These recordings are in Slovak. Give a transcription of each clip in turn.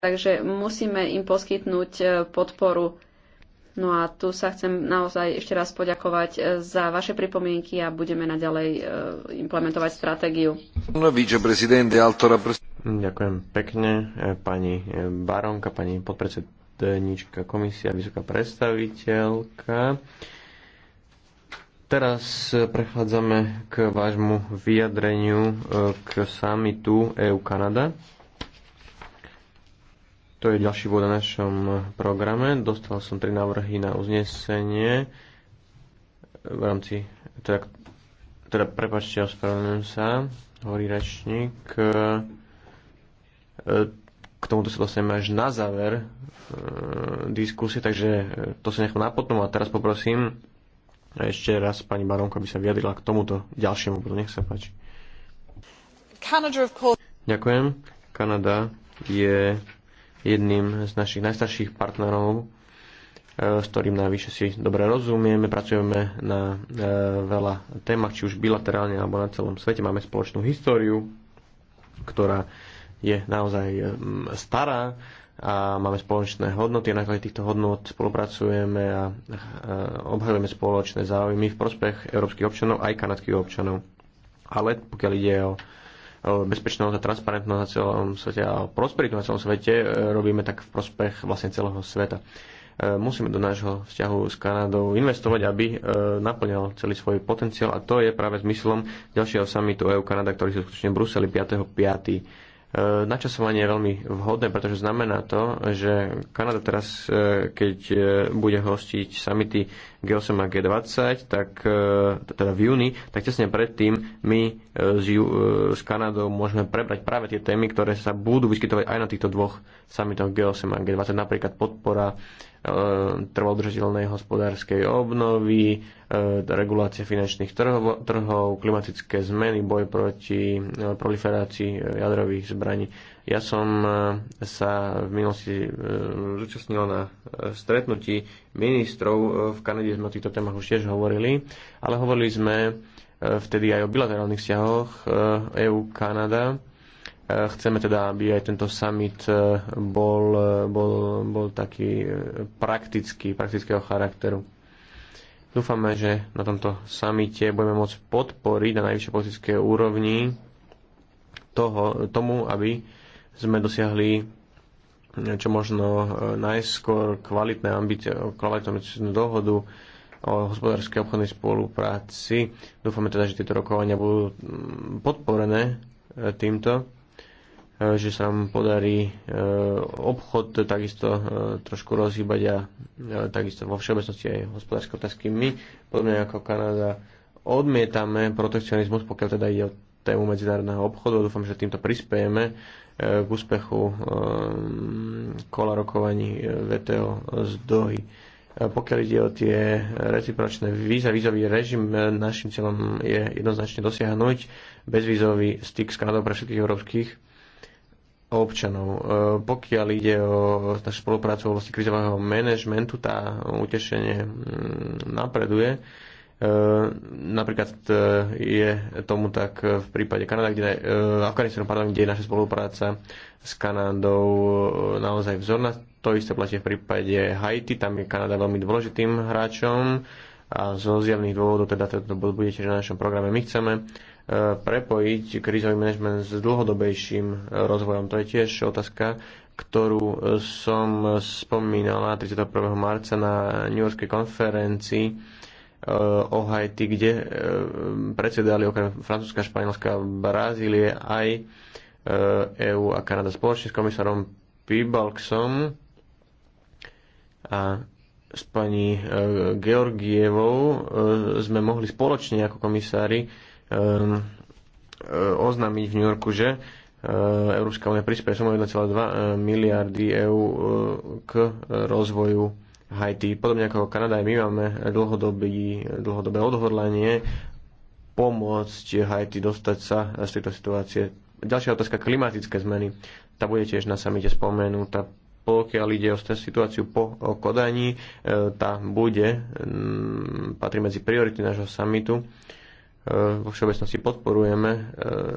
takže musíme im poskytnúť e, podporu. No a tu sa chcem naozaj ešte raz poďakovať e, za vaše pripomienky a budeme naďalej e, implementovať stratégiu. Ďakujem pekne, pani Baronka, pani podpredsedníčka komisia, vysoká predstaviteľka. Teraz prechádzame k vášmu vyjadreniu k samitu EU-Kanada. To je ďalší bod na našom programe. Dostal som tri návrhy na uznesenie v rámci, teda, teda prepačte, ospravedlňujem sa, hovorí rečník. E, k tomuto sa dostaneme až na záver e, diskusie, takže e, to si nechám na potom a teraz poprosím ešte raz pani Baronka aby sa vyjadrila k tomuto ďalšiemu bodu. Nech sa páči. Ďakujem. Kanada je jedným z našich najstarších partnerov, e, s ktorým najvyššie si dobre rozumieme, pracujeme na e, veľa témach, či už bilaterálne alebo na celom svete. Máme spoločnú históriu, ktorá je naozaj e, stará a máme spoločné hodnoty a na základe týchto hodnot spolupracujeme a obhajujeme spoločné záujmy v prospech európskych občanov aj kanadských občanov. Ale pokiaľ ide o bezpečnosť a transparentnosť na celom svete a prosperitu na celom svete e, robíme tak v prospech vlastne celého sveta. E, musíme do nášho vzťahu s Kanadou investovať, aby e, naplňal celý svoj potenciál a to je práve zmyslom ďalšieho samitu EU-Kanada, ktorý sa skutočne v Bruseli 5.5 E, načasovanie je veľmi vhodné, pretože znamená to, že Kanada teraz, e, keď e, bude hostiť samity G8 a G20, tak, teda v júni, tak tesne predtým my s, s Kanadou môžeme prebrať práve tie témy, ktoré sa budú vyskytovať aj na týchto dvoch samitoch G8 a G20, napríklad podpora Eh, trvodržiteľnej hospodárskej obnovy, eh, regulácie finančných trhov, trhov, klimatické zmeny, boj proti eh, proliferácii jadrových zbraní. Ja som sa v minulosti zúčastnil na stretnutí ministrov v Kanade, sme o týchto témach už tiež hovorili, ale hovorili sme vtedy aj o bilaterálnych vzťahoch EU-Kanada e Eh, chceme teda, aby aj tento summit eh, bol, eh, bol, bol taký praktický, praktického charakteru. Dúfame, že na tomto samite budeme môcť podporiť na najvyššej politickej úrovni toho, tomu, aby sme dosiahli čo možno najskôr kvalitné ambície, kvalitnú dohodu o hospodárskej obchodnej spolupráci. Dúfame teda, že tieto rokovania budú mm, podporené týmto Eh, že sa nám podarí eh, obchod takisto eh, trošku rozhýbať a takisto vo všeobecnosti aj hospodárske otázky. My, podobne ako Kanada, odmietame protekcionizmus, pokiaľ teda ide o tému medzinárodného obchodu. Dúfam, že týmto prispiejeme k úspechu kola rokovaní VTO z Dohy. Pokiaľ ide o tie recipročné víza, vízový režim, našim cieľom je jednoznačne dosiahnuť bezvízový styk s Kanadou pre všetkých európskych občanov. E, pokiaľ ide o našu spoluprácu v oblasti krizového manažmentu, tá utešenie mm, napreduje. E, napríklad e, je tomu tak v prípade Kanada, kde, Afganistanu, pardon, kde je naša spolupráca s Kanadou naozaj vzorná. To isté platí v prípade Haiti, tam je Kanada veľmi dôležitým hráčom a zo zjavných dôvodov teda tento bod bude tiež na našom programe. My chceme prepojiť krízový manažment s dlhodobejším rozvojom. To je tiež otázka, ktorú som spomínala 31. marca na New Yorkskej konferencii eh, o Haiti, kde eh, predsedali okrem Francúzska, Španielska, Brazílie aj EÚ eh, e a Kanada spoločne s komisárom Pibalksom a s pani Georgievou sme mohli spoločne ako komisári Ehm, eh, oznámiť v New Yorku, že eh, Európska únia prispieje sumou 1,2 eh, miliardy eur k rozvoju Haiti. Podobne ako Kanada aj my máme dlhodobý, dlhodobé odhodlanie pomôcť Haiti dostať sa z tejto situácie. Ďalšia otázka, klimatické zmeny. Tá bude tiež na samite spomenutá. Pokiaľ ide o situáciu po Kodaní, tá bude, mm, patrí medzi priority nášho samitu E, vo všeobecnosti podporujeme, e,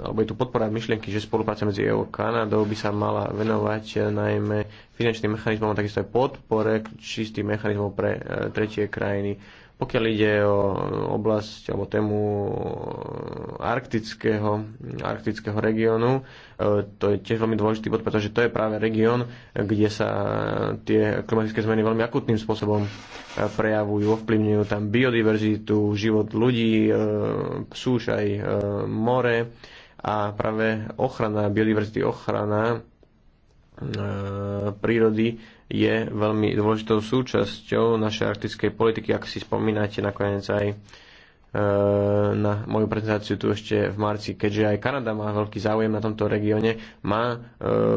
alebo je tu podpora myšlienky, že spolupráca medzi EU a Kanadou by sa mala venovať e, najmä finančným mechanizmom a takisto aj podpore čistých mechanizmov pre tretie krajiny pokiaľ ide o oblasť alebo tému e, arktického, arktického regiónu, e, to je tiež veľmi dôležitý bod, pretože to je práve región, kde sa tie klimatické zmeny veľmi akutným spôsobom e, prejavujú, ovplyvňujú tam biodiverzitu, život ľudí, súš aj more a práve ochrana biodiverzity, ochrana prírody je veľmi dôležitou súčasťou našej arktickej politiky. Ak si spomínate nakoniec aj e, na moju prezentáciu tu ešte v marci, keďže aj Kanada má veľký záujem na tomto regióne, má e,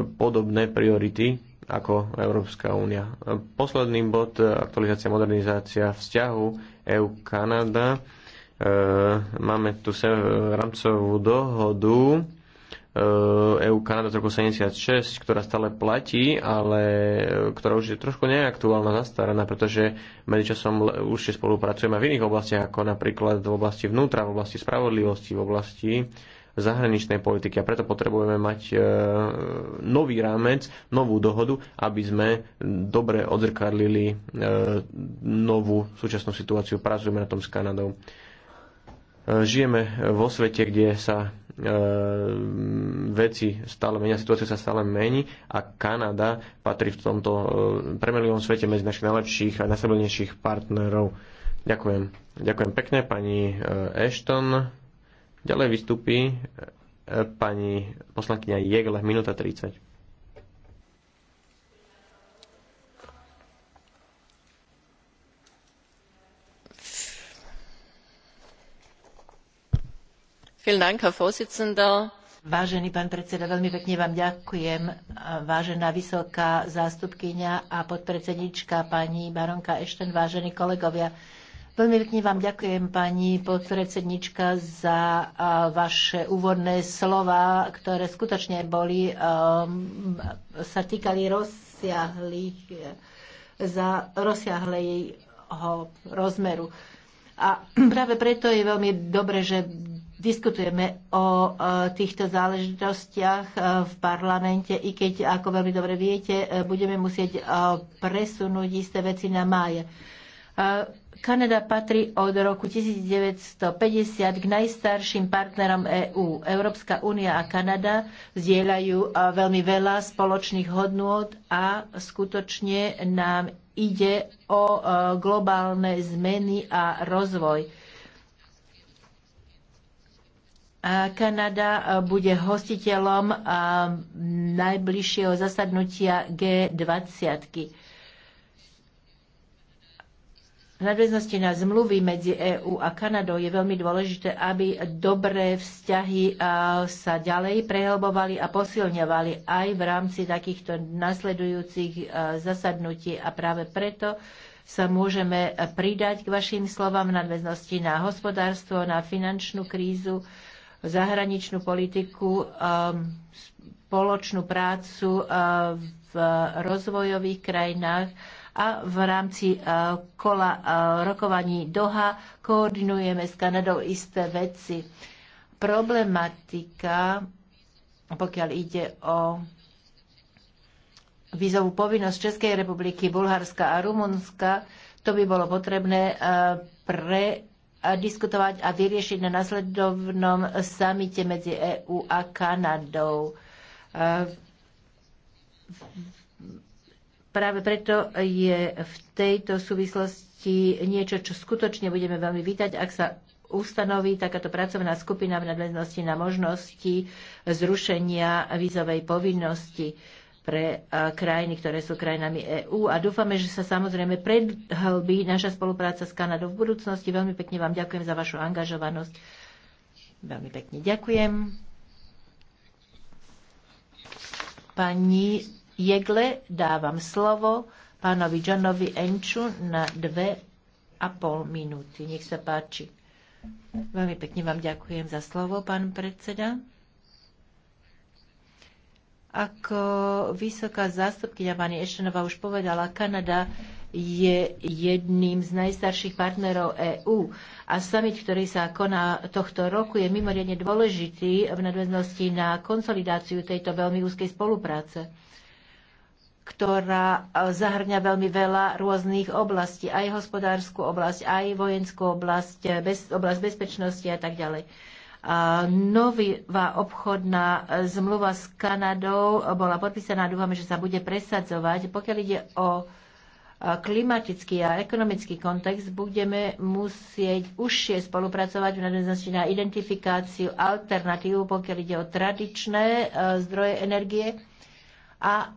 podobné priority ako Európska únia. E, posledný bod, aktualizácia, modernizácia vzťahu EU-Kanada. Máme tu rámcovú dohodu EU e Kanada z roku 76, ktorá stále platí, ale e, ktorá už je trošku neaktuálna, zastaraná, pretože medzičasom už spolupracujeme v iných oblastiach, ako napríklad v oblasti vnútra, v oblasti spravodlivosti, v oblasti zahraničnej politiky a preto potrebujeme mať e, nový rámec, novú dohodu, aby sme dobre odzrkadlili novú súčasnú situáciu. Pracujeme na tom s Kanadou žijeme vo svete, kde sa e, veci stále menia, situácia sa stále mení a Kanada patrí v tomto e, premelivom svete medzi našich najlepších a najstabilnejších partnerov. Ďakujem. Ďakujem pekne pani e, Ashton. Ďalej vystupí pani poslankyňa Jegle, minúta 30. Vážený pán predseda, veľmi pekne vám ďakujem. Vážená vysoká zástupkynia a podpredsednička pani baronka Ešten, vážení kolegovia. Veľmi pekne vám ďakujem, pani podpredsednička, za vaše úvodné slova, ktoré skutočne boli, um, sa týkali rozsiahlych za rozsiahlej rozmeru. A práve preto je veľmi dobre, že diskutujeme o e, týchto záležitostiach e, v parlamente, i keď, ako veľmi dobre viete, e, budeme musieť presunúť isté veci na máje. Kanada patrí od roku 1950 k najstarším partnerom EÚ. Európska únia a Kanada zdieľajú veľmi veľa spoločných hodnôt a skutočne nám ide o globálne zmeny a rozvoj Kanada bude hostiteľom najbližšieho zasadnutia G20. V nadväznosti na zmluvy medzi EÚ a Kanadou je veľmi dôležité, aby dobré vzťahy sa ďalej prehlbovali a posilňovali aj v rámci takýchto nasledujúcich zasadnutí. A práve preto sa môžeme pridať k vašim slovám v nadväznosti na hospodárstvo, na finančnú krízu zahraničnú politiku, um, spoločnú prácu uh, v rozvojových krajinách a v rámci uh, kola uh, rokovaní Doha koordinujeme s Kanadou isté veci. Problematika, pokiaľ ide o vízovú povinnosť Českej republiky, Bulharska a Rumunska, to by bolo potrebné pre Eh, diskutovať a vyriešiť na nasledovnom samite medzi EU a Kanadou. Eh, práve preto je v tejto súvislosti niečo, čo skutočne budeme veľmi vítať, ak sa ustanoví takáto pracovná skupina v nadväznosti na možnosti zrušenia vízovej povinnosti pre krajiny, ktoré sú krajinami EÚ a dúfame, že sa samozrejme predhlbí naša spolupráca s Kanadou v budúcnosti. Veľmi pekne vám ďakujem za vašu angažovanosť. Veľmi pekne ďakujem. Pani Jegle, dávam slovo pánovi Johnovi Enču na dve a pol minúty. Nech sa páči. Veľmi pekne vám ďakujem za slovo, pán predseda. Ako vysoká zástupkyňa pani Ešenová už povedala, Kanada je jedným z najstarších partnerov EÚ a summit, ktorý sa koná tohto roku, je mimoriadne dôležitý v nadväznosti na konsolidáciu tejto veľmi úzkej spolupráce ktorá e, zahrňa veľmi veľa rôznych oblastí, aj hospodárskú oblasť, aj vojenskú oblasť, bez, oblasť bezpečnosti a tak ďalej. Nová obchodná zmluva s Kanadou bola podpísaná, dúfame, že sa bude presadzovať. Pokiaľ ide o klimatický a ekonomický kontext, budeme musieť užšie spolupracovať v nadväznosti na identifikáciu alternatív, pokiaľ ide o tradičné zdroje energie. A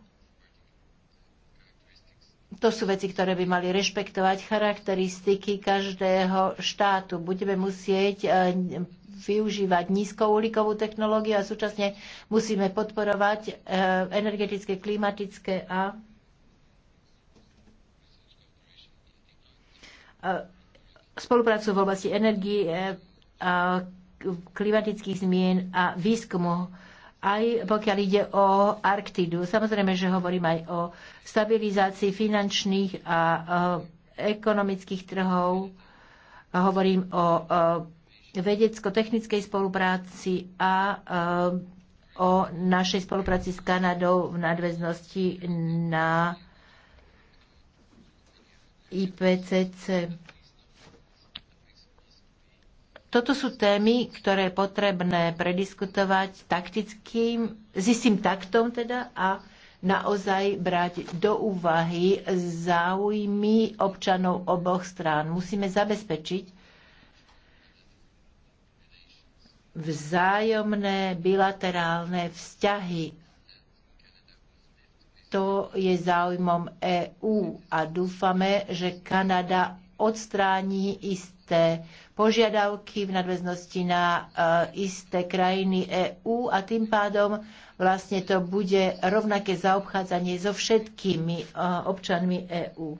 to sú veci, ktoré by mali rešpektovať charakteristiky každého štátu. Budeme musieť využívať nízkouhlíkovú technológiu a súčasne musíme podporovať e, energetické, klimatické a e, spoluprácu v oblasti energii, e, klimatických zmien a výskumu, aj pokiaľ ide o Arktidu. Samozrejme, že hovorím aj o stabilizácii finančných a ekonomických trhov, hovorím o vedecko-technickej spolupráci a eh, o našej spolupráci s Kanadou v nadväznosti na IPCC. Toto sú témy, ktoré je potrebné prediskutovať taktickým, s istým taktom teda a naozaj brať do úvahy záujmy občanov oboch strán. Musíme zabezpečiť, vzájomné bilaterálne vzťahy. To je záujmom EÚ a dúfame, že Kanada odstráni isté požiadavky v nadväznosti na e, isté krajiny EÚ a tým pádom vlastne to bude rovnaké zaobchádzanie so všetkými e, občanmi EÚ.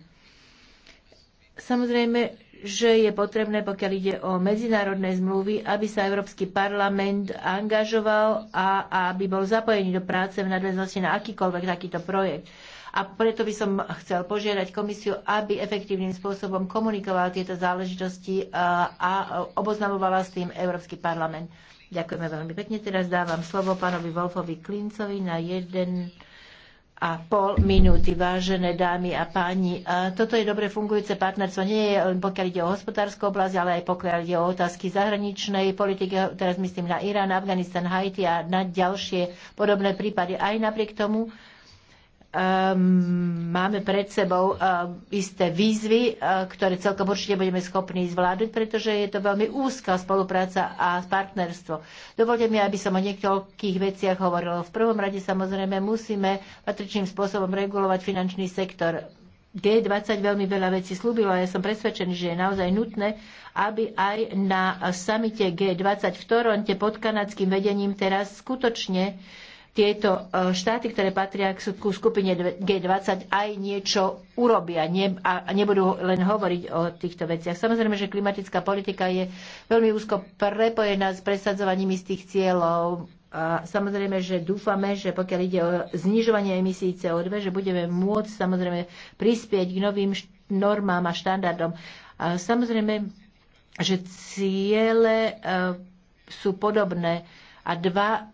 Samozrejme, že je potrebné, pokiaľ ide o medzinárodné zmluvy, aby sa Európsky parlament angažoval a aby bol zapojený do práce v nadväznosti na akýkoľvek takýto projekt. A preto by som chcel požiadať komisiu, aby efektívnym spôsobom komunikovala tieto záležitosti a oboznamovala s tým Európsky parlament. Ďakujeme veľmi pekne. Teraz dávam slovo pánovi Wolfovi Klincovi na jeden a pol minúty, vážené dámy a páni. A toto je dobre fungujúce partnerstvo, nie je len pokiaľ ide o hospodárskú oblasť, ale aj pokiaľ ide o otázky zahraničnej politiky, teraz myslím na Irán, Afganistan, Haiti a na ďalšie podobné prípady. Aj napriek tomu, Ehm, máme pred sebou ehm, isté výzvy, ehm, ktoré celkom určite budeme schopní zvládať, pretože je to veľmi úzka spolupráca a partnerstvo. Dovolte mi, aby som o niekoľkých veciach hovorila. V prvom rade samozrejme musíme patričným spôsobom regulovať finančný sektor. G20 veľmi veľa vecí slúbilo a ja som presvedčený, že je naozaj nutné, aby aj na samite G20 v Toronte pod kanadským vedením teraz skutočne tieto e, štáty, ktoré patria ku skupine G20, aj niečo urobia a nebudú len hovoriť o týchto veciach. Samozrejme, že klimatická politika je veľmi úzko prepojená s presadzovaním istých cieľov. A samozrejme, že dúfame, že pokiaľ ide o znižovanie emisí CO2, že budeme môcť samozrejme prispieť k novým normám a štandardom. A samozrejme, že ciele e, sú podobné a dva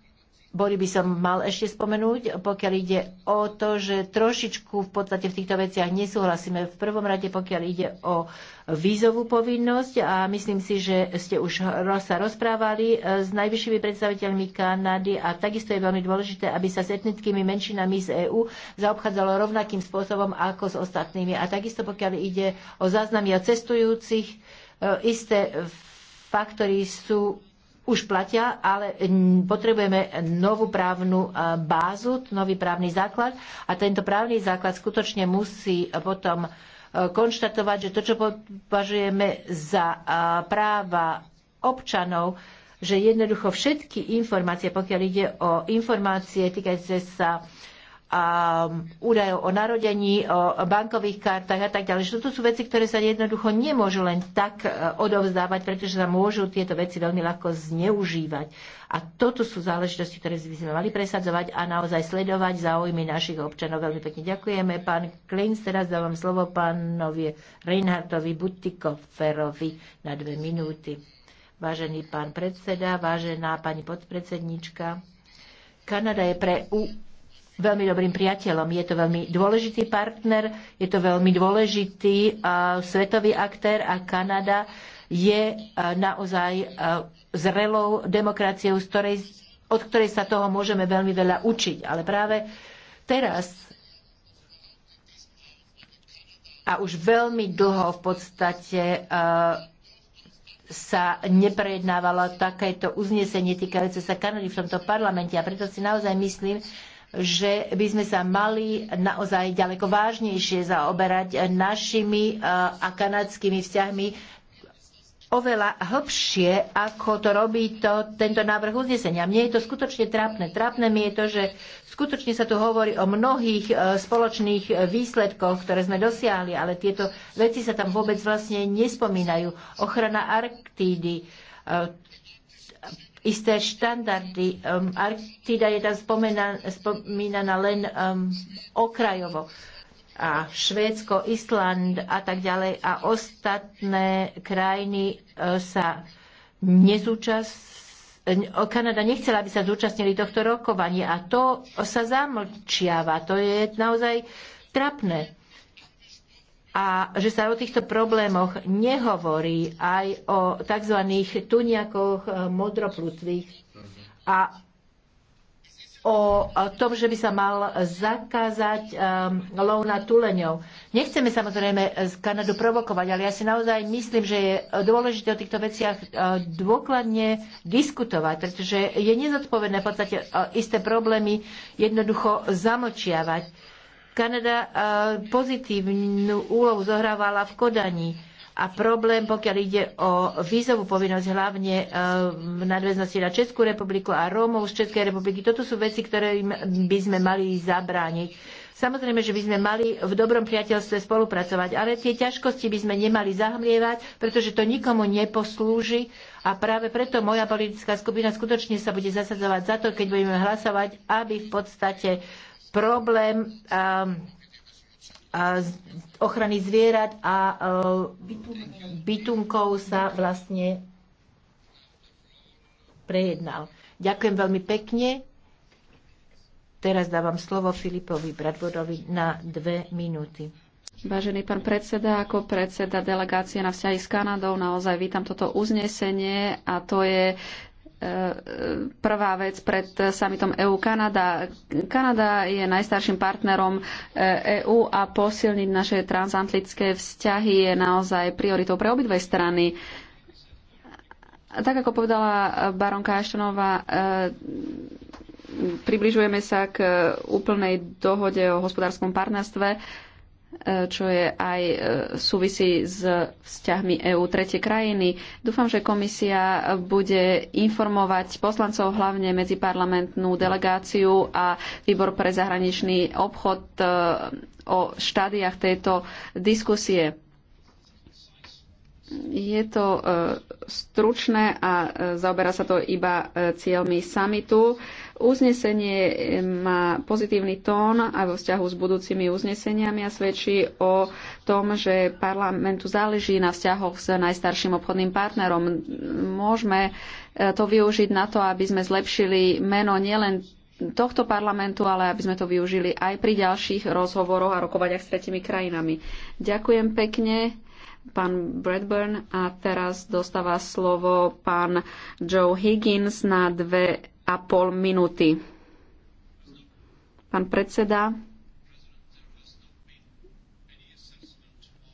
boli by som mal ešte spomenúť, pokiaľ ide o to, že trošičku v podstate v týchto veciach nesúhlasíme. V prvom rade, pokiaľ ide o vízovú povinnosť a myslím si, že ste už sa rozprávali e, s najvyššími predstaviteľmi Kanady a takisto je veľmi dôležité, aby sa s etnickými menšinami z EÚ zaobchádzalo rovnakým spôsobom ako s ostatnými. A takisto pokiaľ ide o záznamy o cestujúcich, e, isté faktory sú už platia, ale potrebujeme novú právnu e, bázu, nový právny základ a tento právny základ skutočne musí potom e, konštatovať, že to, čo považujeme za e, práva občanov, že jednoducho všetky informácie, pokiaľ ide o informácie týkajúce sa Um, údajov o narodení, o bankových kartách a tak ďalej. Toto sú veci, ktoré sa jednoducho nemôžu len tak e, odovzdávať, pretože sa môžu tieto veci veľmi ľahko zneužívať. A toto sú záležitosti, ktoré by sme mali presadzovať a naozaj sledovať záujmy našich občanov. Veľmi pekne ďakujeme. Pán Klinc, teraz dávam slovo pánovi Reinhardovi Butikoferovi na dve minúty. Vážený pán predseda, vážená pani podpredsednička, Kanada je pre veľmi dobrým priateľom. Je to veľmi dôležitý partner, je to veľmi dôležitý uh, svetový aktér a Kanada je uh, naozaj uh, zrelou demokraciou, z ktorej, od ktorej sa toho môžeme veľmi veľa učiť. Ale práve teraz a už veľmi dlho v podstate uh, sa neprejednávalo takéto uznesenie týkajúce sa Kanady v tomto parlamente. A preto si naozaj myslím, že by sme sa mali naozaj ďaleko vážnejšie zaoberať našimi e, a kanadskými vzťahmi oveľa hlbšie, ako to robí to, tento návrh uznesenia. Mne je to skutočne trápne. Trápne mi je to, že skutočne sa tu hovorí o mnohých e, spoločných výsledkoch, ktoré sme dosiahli, ale tieto veci sa tam vôbec vlastne nespomínajú. Ochrana Arktídy, e, isté štandardy. Um, Arktida je tam spomínaná len um, okrajovo a Švédsko, Island a tak ďalej a ostatné krajiny e, sa nezúčastňujú e, Kanada nechcela, aby sa zúčastnili tohto rokovania a to sa zamlčiava. To je naozaj trapné a že sa o týchto problémoch nehovorí aj o tzv. tuniakoch e, modroplutvých a o tom, že by sa mal zakázať um, lov na tuleňov. Nechceme samozrejme z Kanadu provokovať, ale ja si naozaj myslím, že je dôležité o týchto veciach uh, dôkladne diskutovať, pretože je nezodpovedné v podstate uh, isté problémy jednoducho zamočiavať. Kanada e, pozitívnu úlohu zohrávala v Kodani. A problém, pokiaľ ide o vízovú povinnosť, hlavne e, v nadväznosti na Českú republiku a Rómov z Českej republiky, toto sú veci, ktoré by sme mali zabrániť. Samozrejme, že by sme mali v dobrom priateľstve spolupracovať, ale tie ťažkosti by sme nemali zahmlievať, pretože to nikomu neposlúži a práve preto moja politická skupina skutočne sa bude zasadzovať za to, keď budeme hlasovať, aby v podstate problém a, a ochrany zvierat a bytunkov sa vlastne prejednal. Ďakujem veľmi pekne. Teraz dávam slovo Filipovi Bradvodovi na dve minúty. Vážený pán predseda, ako predseda delegácie na vzťahy s Kanadou, naozaj vítam toto uznesenie a to je E, e, prvá vec pred samitom EU-Kanada. Kanada je najstarším partnerom EÚ e a posilniť naše transatlantické vzťahy je naozaj prioritou pre obidve strany. Tak ako povedala baronka Aštonová, približujeme sa k úplnej dohode o hospodárskom partnerstve Eh, čo je aj eh, súvisí s vzťahmi EÚ tretie krajiny. Dúfam, že komisia bude informovať poslancov, hlavne medziparlamentnú delegáciu a výbor pre zahraničný obchod eh, o štádiách tejto diskusie. Je to stručné a zaoberá sa to iba cieľmi samitu. Uznesenie eh, má pozitívny tón aj vo vzťahu s budúcimi uzneseniami a svedčí o tom, že parlamentu záleží na vzťahoch s najstarším obchodným partnerom. Môžeme eh, to využiť na to, aby sme zlepšili meno nielen tohto parlamentu, ale aby sme to využili aj pri ďalších rozhovoroch a rokovaniach s tretimi krajinami. Ďakujem pekne, pán Bradburn. A teraz dostáva slovo pán Joe Higgins na dve a pol minúty. Pán predseda,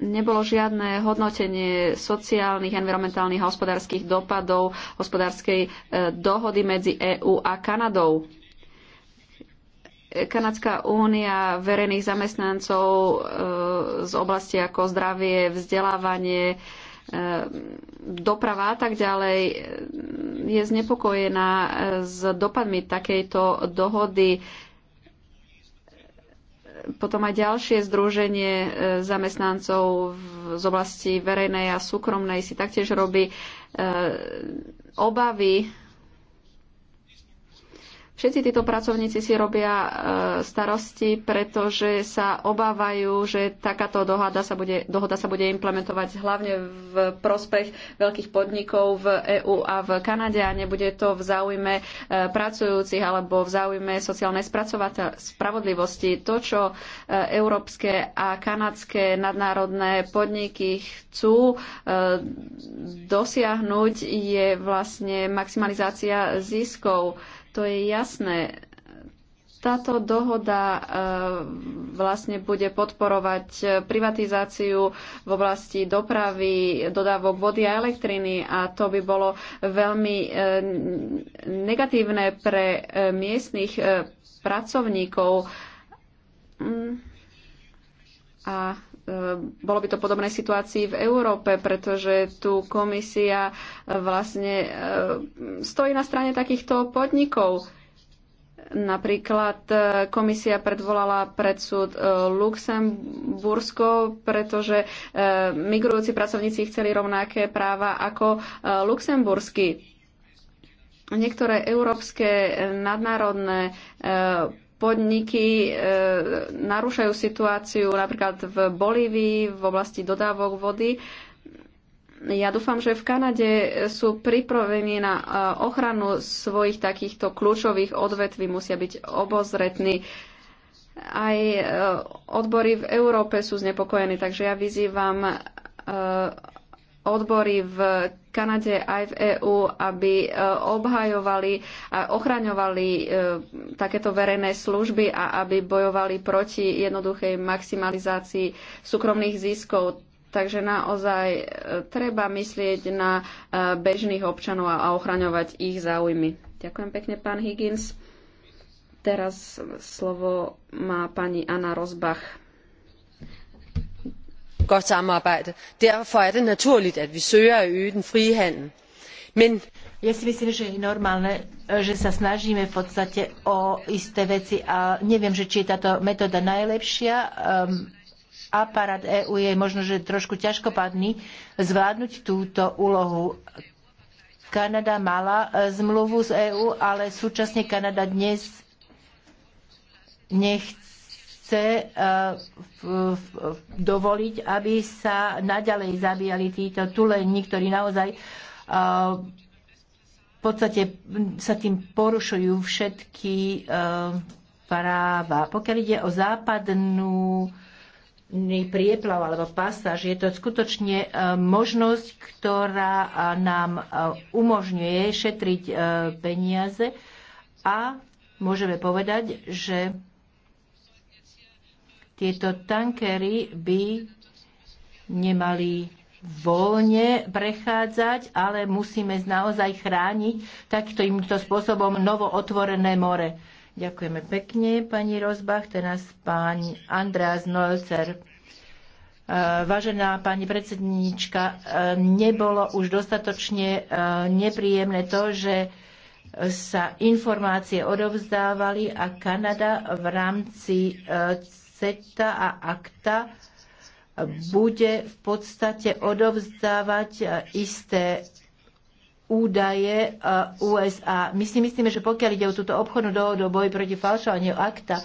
nebolo žiadne hodnotenie sociálnych, environmentálnych a hospodárskych dopadov hospodárskej e, dohody medzi EÚ a Kanadou. Kanadská únia verejných zamestnancov e, z oblasti ako zdravie, vzdelávanie, Ehm, doprava a tak ďalej ehm, je znepokojená ehm, s dopadmi takejto dohody. Potom aj ďalšie združenie zamestnancov z oblasti verejnej a súkromnej si taktiež robí obavy Všetci títo pracovníci si robia e, starosti, pretože sa obávajú, že takáto dohoda sa bude, dohoda sa bude implementovať hlavne v prospech veľkých podnikov v EÚ a v Kanade a nebude to v záujme e, pracujúcich alebo v záujme sociálnej spravodlivosti. To, čo e, európske a kanadské nadnárodné podniky chcú dosiahnuť, je vlastne maximalizácia ziskov to je jasné. Táto dohoda e, vlastne bude podporovať e, privatizáciu v oblasti dopravy, dodávok vody a elektriny a to by bolo veľmi e, negatívne pre miestnych pracovníkov. Mm. A E, bolo by to podobné situácii v Európe, pretože tu komisia e, vlastne e, stojí na strane takýchto podnikov. Napríklad komisia predvolala predsud Luxembursko, pretože migrujúci pracovníci chceli rovnaké práva ako Luxemburskí. Niektoré európske nadnárodné podniky e, narúšajú situáciu napríklad v Bolívii v oblasti dodávok vody. Ja dúfam, že v Kanade sú pripravení na e, ochranu svojich takýchto kľúčových odvetví, musia byť obozretní. Aj e, odbory v Európe sú znepokojení, takže ja vyzývam e, odbory v Kanade aj v EÚ, aby e, obhajovali a ochraňovali e, takéto verejné služby a aby bojovali proti jednoduchej maximalizácii súkromných ziskov. Takže naozaj e, treba myslieť na bežných občanov a ochraňovať ich záujmy. Ďakujem pekne, pán Higgins. Teraz slovo má pani Anna Rozbach godt samarbejde. derfor er det naturligt at vi søger at øge den frie handel men ja si myslím, že je normálne, že sa snažíme v podstate o isté veci a neviem, že či je táto metóda najlepšia. Um, aparát e je možno, že trošku ťažkopádny zvládnuť túto úlohu. Kanada mala e, zmluvu s EU, ale súčasne Kanada dnes nechce chce e, dovoliť, aby sa naďalej zabíjali títo tulení, ktorí naozaj e, v podstate sa tým porušujú všetky e, práva. Pokiaľ ide o západnú prieplav alebo pasáž, je to skutočne možnosť, ktorá nám umožňuje šetriť peniaze a môžeme povedať, že tieto tankery by nemali voľne prechádzať, ale musíme naozaj chrániť takýmto spôsobom novo otvorené more. Ďakujeme pekne, pani Rozbach. Teraz pán Andreas Nolcer. E, vážená pani predsedníčka, e, nebolo už dostatočne e, nepríjemné to, že sa informácie odovzdávali a Kanada v rámci CETA a ACTA bude v podstate odovzdávať e, isté údaje e, USA. My si myslíme, že pokiaľ ide o túto obchodnú dohodu o boji proti falšovaniu akta,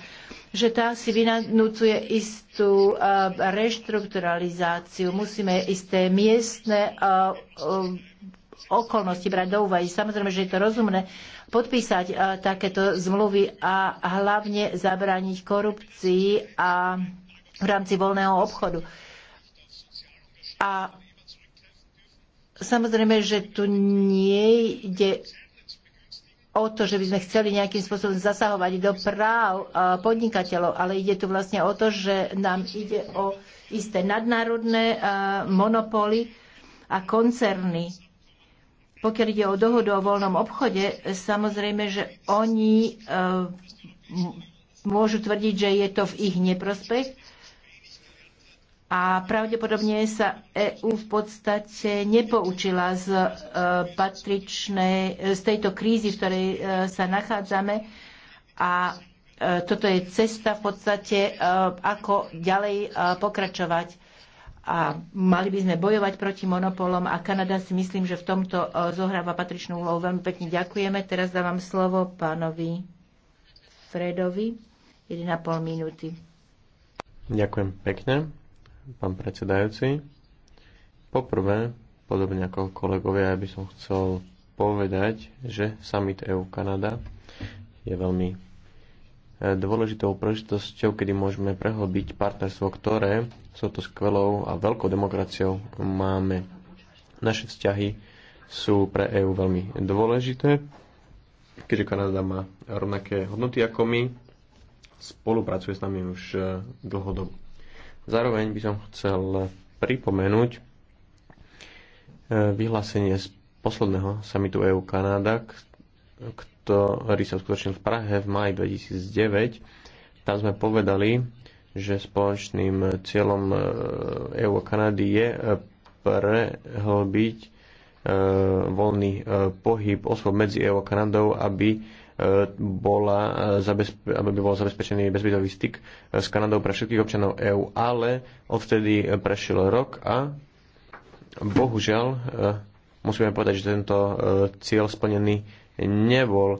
že tá si vynúcuje istú e, reštrukturalizáciu. Musíme isté miestne okolnosti brať do úvahy. Samozrejme, že je to rozumné, podpísať eh, takéto zmluvy a hlavne zabrániť korupcii a v rámci voľného obchodu. A samozrejme, že tu nie ide o to, že by sme chceli nejakým spôsobom zasahovať do práv eh, podnikateľov, ale ide tu vlastne o to, že nám ide o isté nadnárodné eh, monopóly a koncerny. Pokiaľ ide o dohodu o voľnom obchode, samozrejme, že oni eh, môžu tvrdiť, že je to v ich neprospech a pravdepodobne sa EÚ v podstate nepoučila z, eh, patričnej, z tejto krízy, v ktorej eh, sa nachádzame a toto je cesta v podstate, ako ďalej pokračovať a mali by sme bojovať proti monopolom a Kanada si myslím, že v tomto e, zohráva patričnú úlohu. Veľmi pekne ďakujeme. Teraz dávam slovo pánovi Fredovi. 1,5 minúty. Ďakujem pekne, pán predsedajúci. Poprvé, podobne ako kolegovia, ja by som chcel povedať, že summit EU-Kanada je veľmi dôležitou príležitosťou, kedy môžeme prehlbiť partnerstvo, ktoré s touto skvelou a veľkou demokraciou máme. Naše vzťahy sú pre EÚ veľmi dôležité, keďže Kanada má rovnaké hodnoty ako my, spolupracuje s nami už e, dlhodobo. Zároveň by som chcel pripomenúť e, vyhlásenie z posledného samitu EU Kanada, ktorý sa uskutočnil v Prahe v maji 2009. Tam sme povedali, že spoločným cieľom EU e a Kanady je e, prehlbiť e, voľný pohyb osôb medzi EU a Kanadou, aby bola, aby bol zabezpečený bezvizový styk s Kanadou pre všetkých občanov EÚ, ale odvtedy prešiel rok a bohužiaľ musíme povedať, že tento cieľ splnený nebol. E,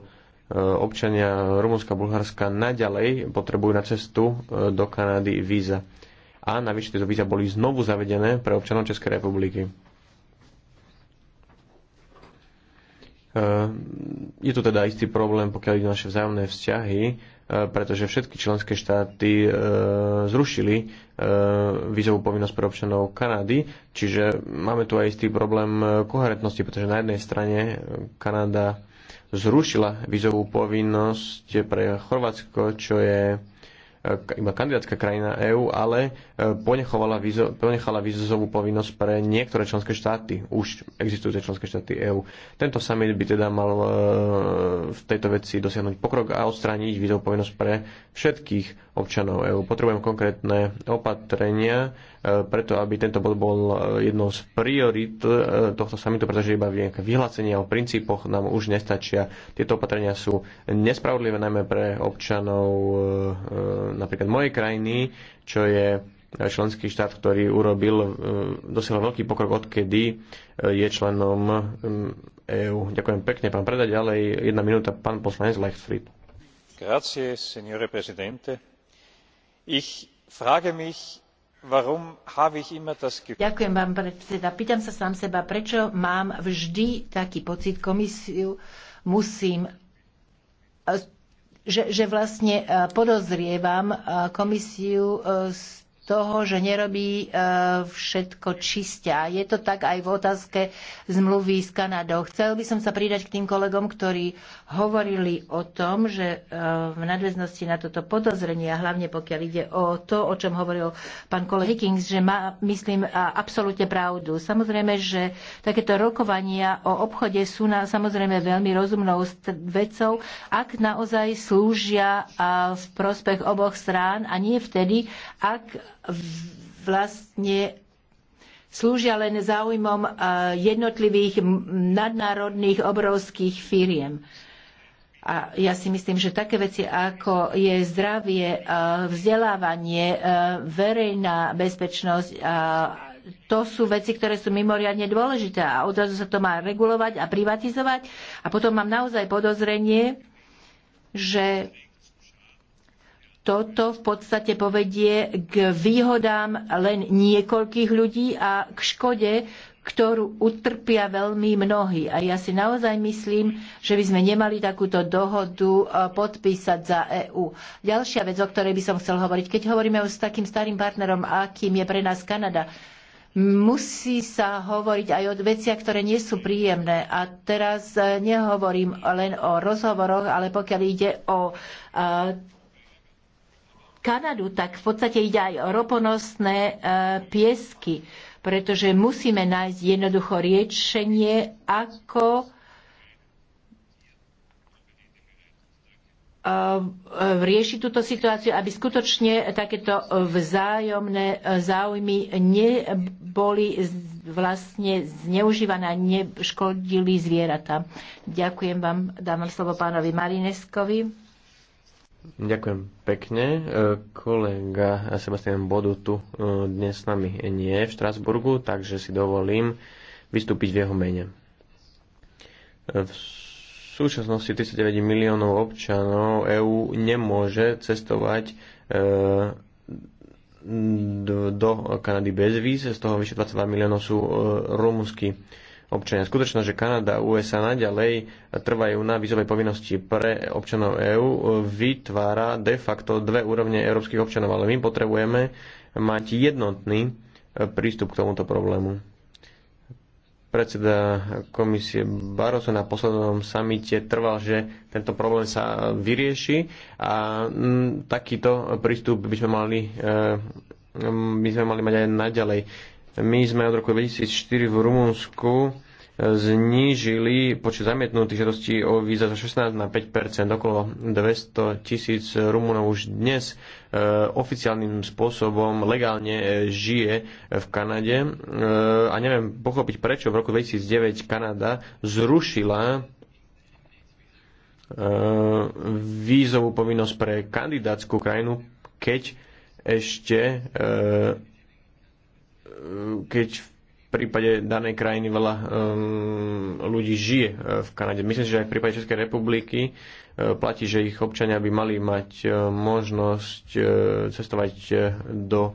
občania Rumunska a Bulharska naďalej potrebujú na cestu e, do Kanady víza. A navyše tieto víza boli znovu zavedené pre občanov Českej republiky. E, je tu teda istý problém, pokiaľ ide naše vzájomné vzťahy, pretože všetky členské štáty zrušili vízovú povinnosť pre občanov Kanady, čiže máme tu aj istý problém koherentnosti, pretože na jednej strane Kanada zrušila vízovú povinnosť pre Chorvátsko, čo je E, iba kandidátska krajina EÚ, ale e, ponechala, vízo, ponechala povinnosť pre niektoré členské štáty, už existujúce členské štáty EÚ. Tento summit by teda mal e, v tejto veci dosiahnuť pokrok a odstrániť vízovú povinnosť pre všetkých občanov EÚ. Potrebujem konkrétne opatrenia, preto aby tento bod bol jednou z priorit tohto samitu, pretože iba nejaké vyhlásenia o princípoch nám už nestačia. Tieto opatrenia sú nespravodlivé najmä pre občanov napríklad mojej krajiny, čo je e, členský štát, ktorý urobil, e, dosiahol veľký pokrok, odkedy e, je členom mm, EÚ. Ďakujem pekne, pán Preda. Ďalej jedna minúta, pán poslanec Leichtfried. Grazie, signore presidente. Ich frage mich, warum habe ich immer das Gefühl... Ďakujem vám, predseda. Pýtam sa sám seba, prečo mám vždy taký pocit, komisiu musím že, že vlastne e, podozrievam e, komisiu e, z toho, že nerobí všetko čistia. je to tak aj v otázke zmluvy s Kanadou. Chcel by som sa pridať k tým kolegom, ktorí hovorili o tom, že e, v nadväznosti na toto podozrenie, a hlavne pokiaľ ide o to, o čom hovoril pán kolega Higgins, že má, myslím, absolútne pravdu. Samozrejme, že takéto rokovania o obchode sú na, samozrejme veľmi rozumnou vecou, ak naozaj slúžia v prospech oboch strán a nie vtedy, ak vlastne slúžia len záujmom jednotlivých nadnárodných obrovských firiem. A ja si myslím, že také veci ako je zdravie, e, vzdelávanie, e, verejná bezpečnosť e, to sú veci, ktoré sú mimoriadne dôležité a odrazu sa to má regulovať a privatizovať a potom mám naozaj podozrenie, že toto v podstate povedie k výhodám len niekoľkých ľudí a k škode ktorú utrpia veľmi mnohí. A ja si naozaj myslím, že by sme nemali takúto dohodu e, podpísať za EÚ. Ďalšia vec, o ktorej by som chcel hovoriť, keď hovoríme s takým starým partnerom, akým je pre nás Kanada, musí sa hovoriť aj o veciach, ktoré nie sú príjemné. A teraz e, nehovorím len o rozhovoroch, ale pokiaľ ide o e, Kanadu, tak v podstate ide aj o roponosné piesky pretože musíme nájsť jednoducho riešenie, ako eh, riešiť túto situáciu, aby skutočne takéto vzájomné eh, záujmy neboli vlastne zneužívané a neškodili zvieratá. Ďakujem vám, dávam slovo pánovi Marineskovi. Ďakujem pekne. E, kolega Sebastian Bodu tu e, dnes s nami nie je v Štrasburgu, takže si dovolím vystúpiť v jeho mene. E, v súčasnosti 39 miliónov občanov EÚ nemôže cestovať do Kanady bez víz, z toho vyše 22 miliónov sú rumúnsky občania. Skutočnosť, že Kanada a USA naďalej trvajú na vízovej povinnosti pre občanov EÚ, vytvára de facto dve úrovne európskych občanov, ale my potrebujeme mať jednotný e, prístup k tomuto problému. Predseda komisie Barroso na poslednom samite trval, že tento problém sa vyrieši a takýto prístup by sme mali, by e, sme mali mať aj naďalej my sme od roku 2004 v Rumunsku e, znížili počet zamietnutých žiadostí o víza zo 16 na 5 Okolo 200 tisíc Rumunov už dnes e, oficiálnym spôsobom legálne e, žije e, v Kanade. E, a neviem pochopiť, prečo v roku 2009 Kanada zrušila e, vízovú povinnosť pre kandidátskú krajinu, keď ešte e, keď v prípade danej krajiny veľa um, ľudí žije uh, v Kanade. Myslím si, že aj v prípade Českej republiky uh, platí, že ich občania by mali mať uh, možnosť cestovať do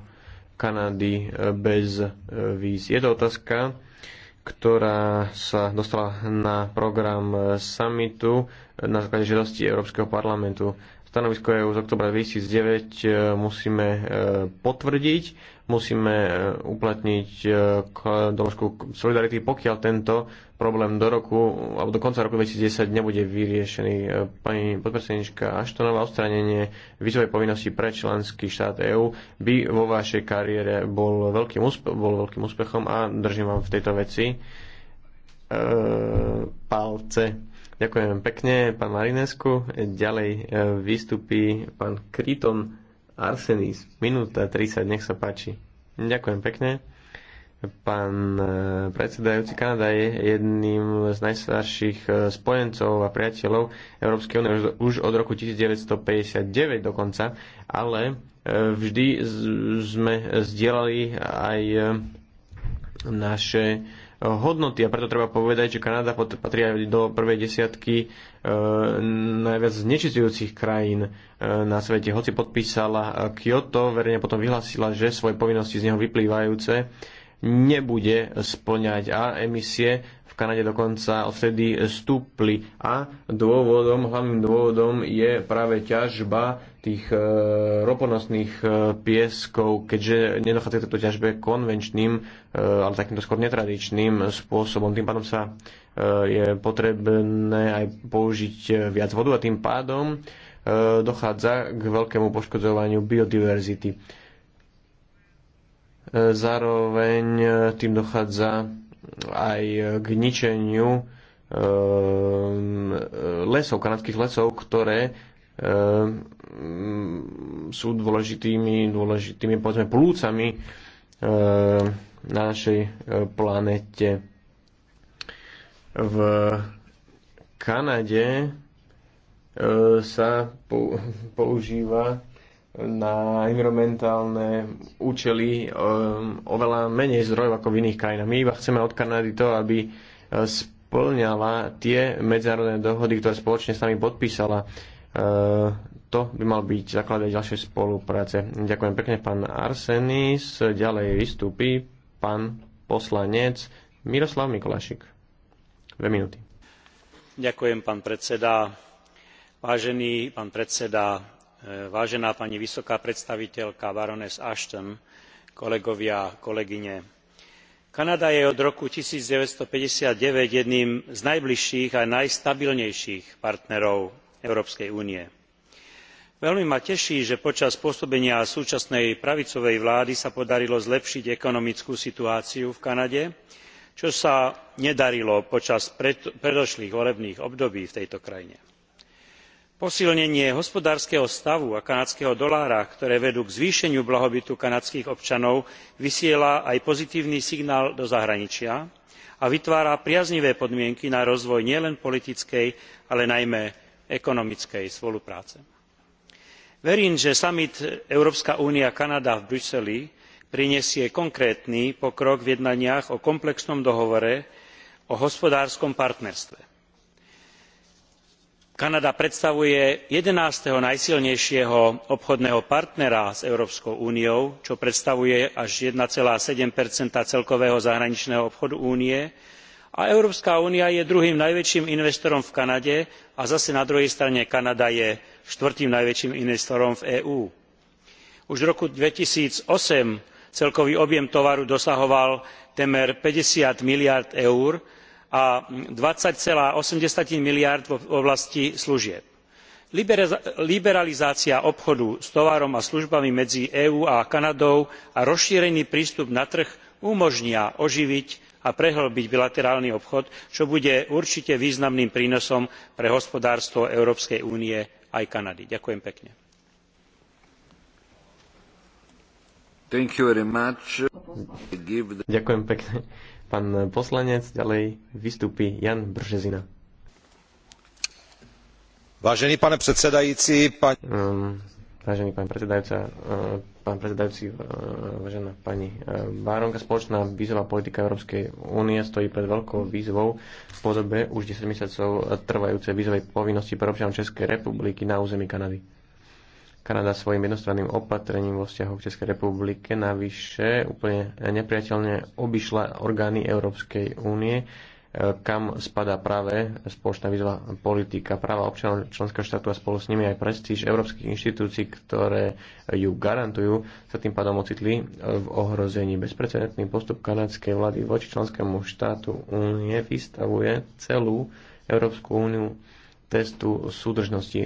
Kanady bez víz. Je to otázka, ktorá sa dostala na program summitu na základe žiadosti Európskeho parlamentu. Stanovisko EU z oktobra 2009 musíme potvrdiť musíme e, uplatniť e, doložku solidarity, pokiaľ tento problém do roku alebo do konca roku 2010 nebude vyriešený. E, pani podpredsednička Aštonová, odstranenie výzovej povinnosti pre členský štát EÚ by vo vašej kariére bol veľkým, úspe- bol veľkým úspechom a držím vám v tejto veci e, palce. Ďakujem pekne, pán Marinesku. Ďalej vystupí pán Kryton. Arsenis, minúta 30, nech sa páči. Ďakujem pekne. Pán e, predsedajúci, Kanada je jedným z najstarších e, spojencov a priateľov Európskej únie už od roku 1959 dokonca, ale e, vždy sme zdieľali aj naše hodnoty a preto treba povedať, že Kanada patrí aj do prvej desiatky e, najviac znečistujúcich krajín e, na svete. Hoci podpísala Kyoto, verejne potom vyhlásila, že svoje povinnosti z neho vyplývajúce nebude splňať a emisie v Kanade dokonca odvtedy stúpli a dôvodom, hlavným dôvodom je práve ťažba tých e, roponosných e, pieskov, keďže nedochádza k tejto ťažbe konvenčným, e, ale takýmto skôr netradičným spôsobom. Tým pádom sa e, je potrebné aj použiť viac vodu a tým pádom e, dochádza k veľkému poškodzovaniu biodiverzity. E, zároveň tým dochádza aj k ničeniu ehm, lesov, kanadských lesov, ktoré ehm, sú dôležitými, dôležitými povedzme, plúcami ehm, na našej e, planete. V Kanade e, sa používa na environmentálne účely um, oveľa menej zdrojov ako v iných krajinách. My iba chceme od Kanady to, aby uh, splňala tie medzinárodné dohody, ktoré spoločne s nami podpísala. Uh, to by mal byť základ ďalšej spolupráce. Ďakujem pekne, pán Arsenis. Ďalej vystúpi pán poslanec Miroslav Mikolašik. Dve minúty. Ďakujem, pán predseda. Vážený pán predseda vážená pani vysoká predstaviteľka barónka ashton kolegovia kolegyne kanada je od roku one thousand nine hundred and fifty nine jedným z najbližších a najstabilnejších partnerov európskej únie. veľmi ma teší že počas pôsobenia súčasnej pravicovej vlády sa podarilo zlepšiť ekonomickú situáciu v kanade čo sa nedarilo počas predošlých volebných období v tejto krajine posilnenie hospodárskeho stavu a kanadského dolára ktoré vedú k zvýšeniu blahobytu kanadských občanov vysiela aj pozitívny signál do zahraničia a vytvára priaznivé podmienky na rozvoj nielen politickej ale najmä ekonomickej spolupráce. verím že samit európska únia kanada v bruseli prinesie konkrétny pokrok v jednaniach o komplexnom dohovore o hospodárskom partnerstve kanada predstavuje jedenásteho najsilnejšieho obchodného partnera s európskou úniou čo predstavuje až one seven celkového zahraničného obchodu únie a európska únia je druhým najväčším investorom v kanade a zase na druhej strane kanada je štvrtým najväčším investorom v eú. už v roku two thousand and eight celkový objem tovaru dosahoval takmer fifty miliárd eur a twenty eight miliárd v oblasti služieb. liberalizácia obchodu s tovarom a službami medzi eú a kanadou a rozšírený prístup na trh umožnia oživiť a prehĺbiť bilaterálny obchod čo bude určite významným prínosom pre hospodárstvo európskej únie aj kanady. ďakujem pekne. Ďakujem pekne. Pán poslanec, ďalej vystúpi Jan Bržezina. Vážený pane predsedajúci, pán... Um, vážený pán predsedajúca, eh, pán predsedajúci, eh, vážená pani eh, Báronka, spoločná vízová politika Európskej únie stojí pred veľkou výzvou v podobe už 10 mesiacov trvajúcej vízovej povinnosti pre občanov Českej republiky na území Kanady Kanada svojim jednostranným opatrením vo vzťahu k Českej republike navyše úplne nepriateľne obišla orgány Európskej únie, e, kam spadá práve spoločná výzva politika práva občanov členského štátu a spolu s nimi aj prestíž európskych inštitúcií, ktoré ju garantujú, sa tým pádom ocitli v ohrození. Bezprecedentný postup kanadskej vlády voči členskému štátu únie vystavuje celú Európsku úniu testu súdržnosti.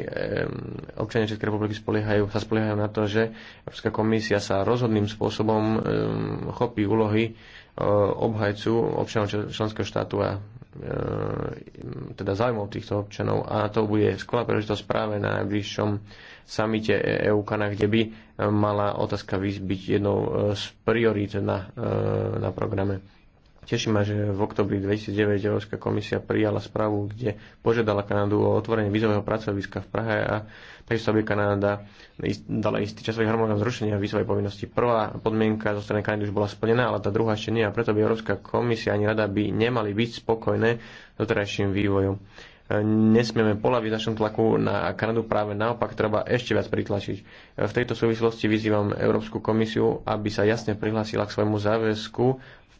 Občania Českej republiky spoliehajú, sa spoliehajú na to, že Európska komisia sa rozhodným spôsobom chopí úlohy e, obhajcu občanov členského štátu a e, teda zájmov týchto občanov a to bude skvelá príležitosť práve na najbližšom samite EU Kana, kde by e, mala otázka výzbyť jednou z priorít na, na programe. Teší ma, že v oktobri 2009 Európska komisia prijala správu, kde požiadala Kanadu o otvorenie vízového pracoviska v Prahe a takisto aby Kanada dala istý časový harmonogram zrušenia vízovej povinnosti. Prvá podmienka zo strany Kanady už bola splnená, ale tá druhá ešte nie a preto by Európska komisia ani rada by nemali byť spokojné s doterajším vývojom. Nesmieme polaviť našom tlaku na Kanadu, práve naopak treba ešte viac pritlačiť. V tejto súvislosti vyzývam Európsku komisiu, aby sa jasne prihlásila k svojmu záväzku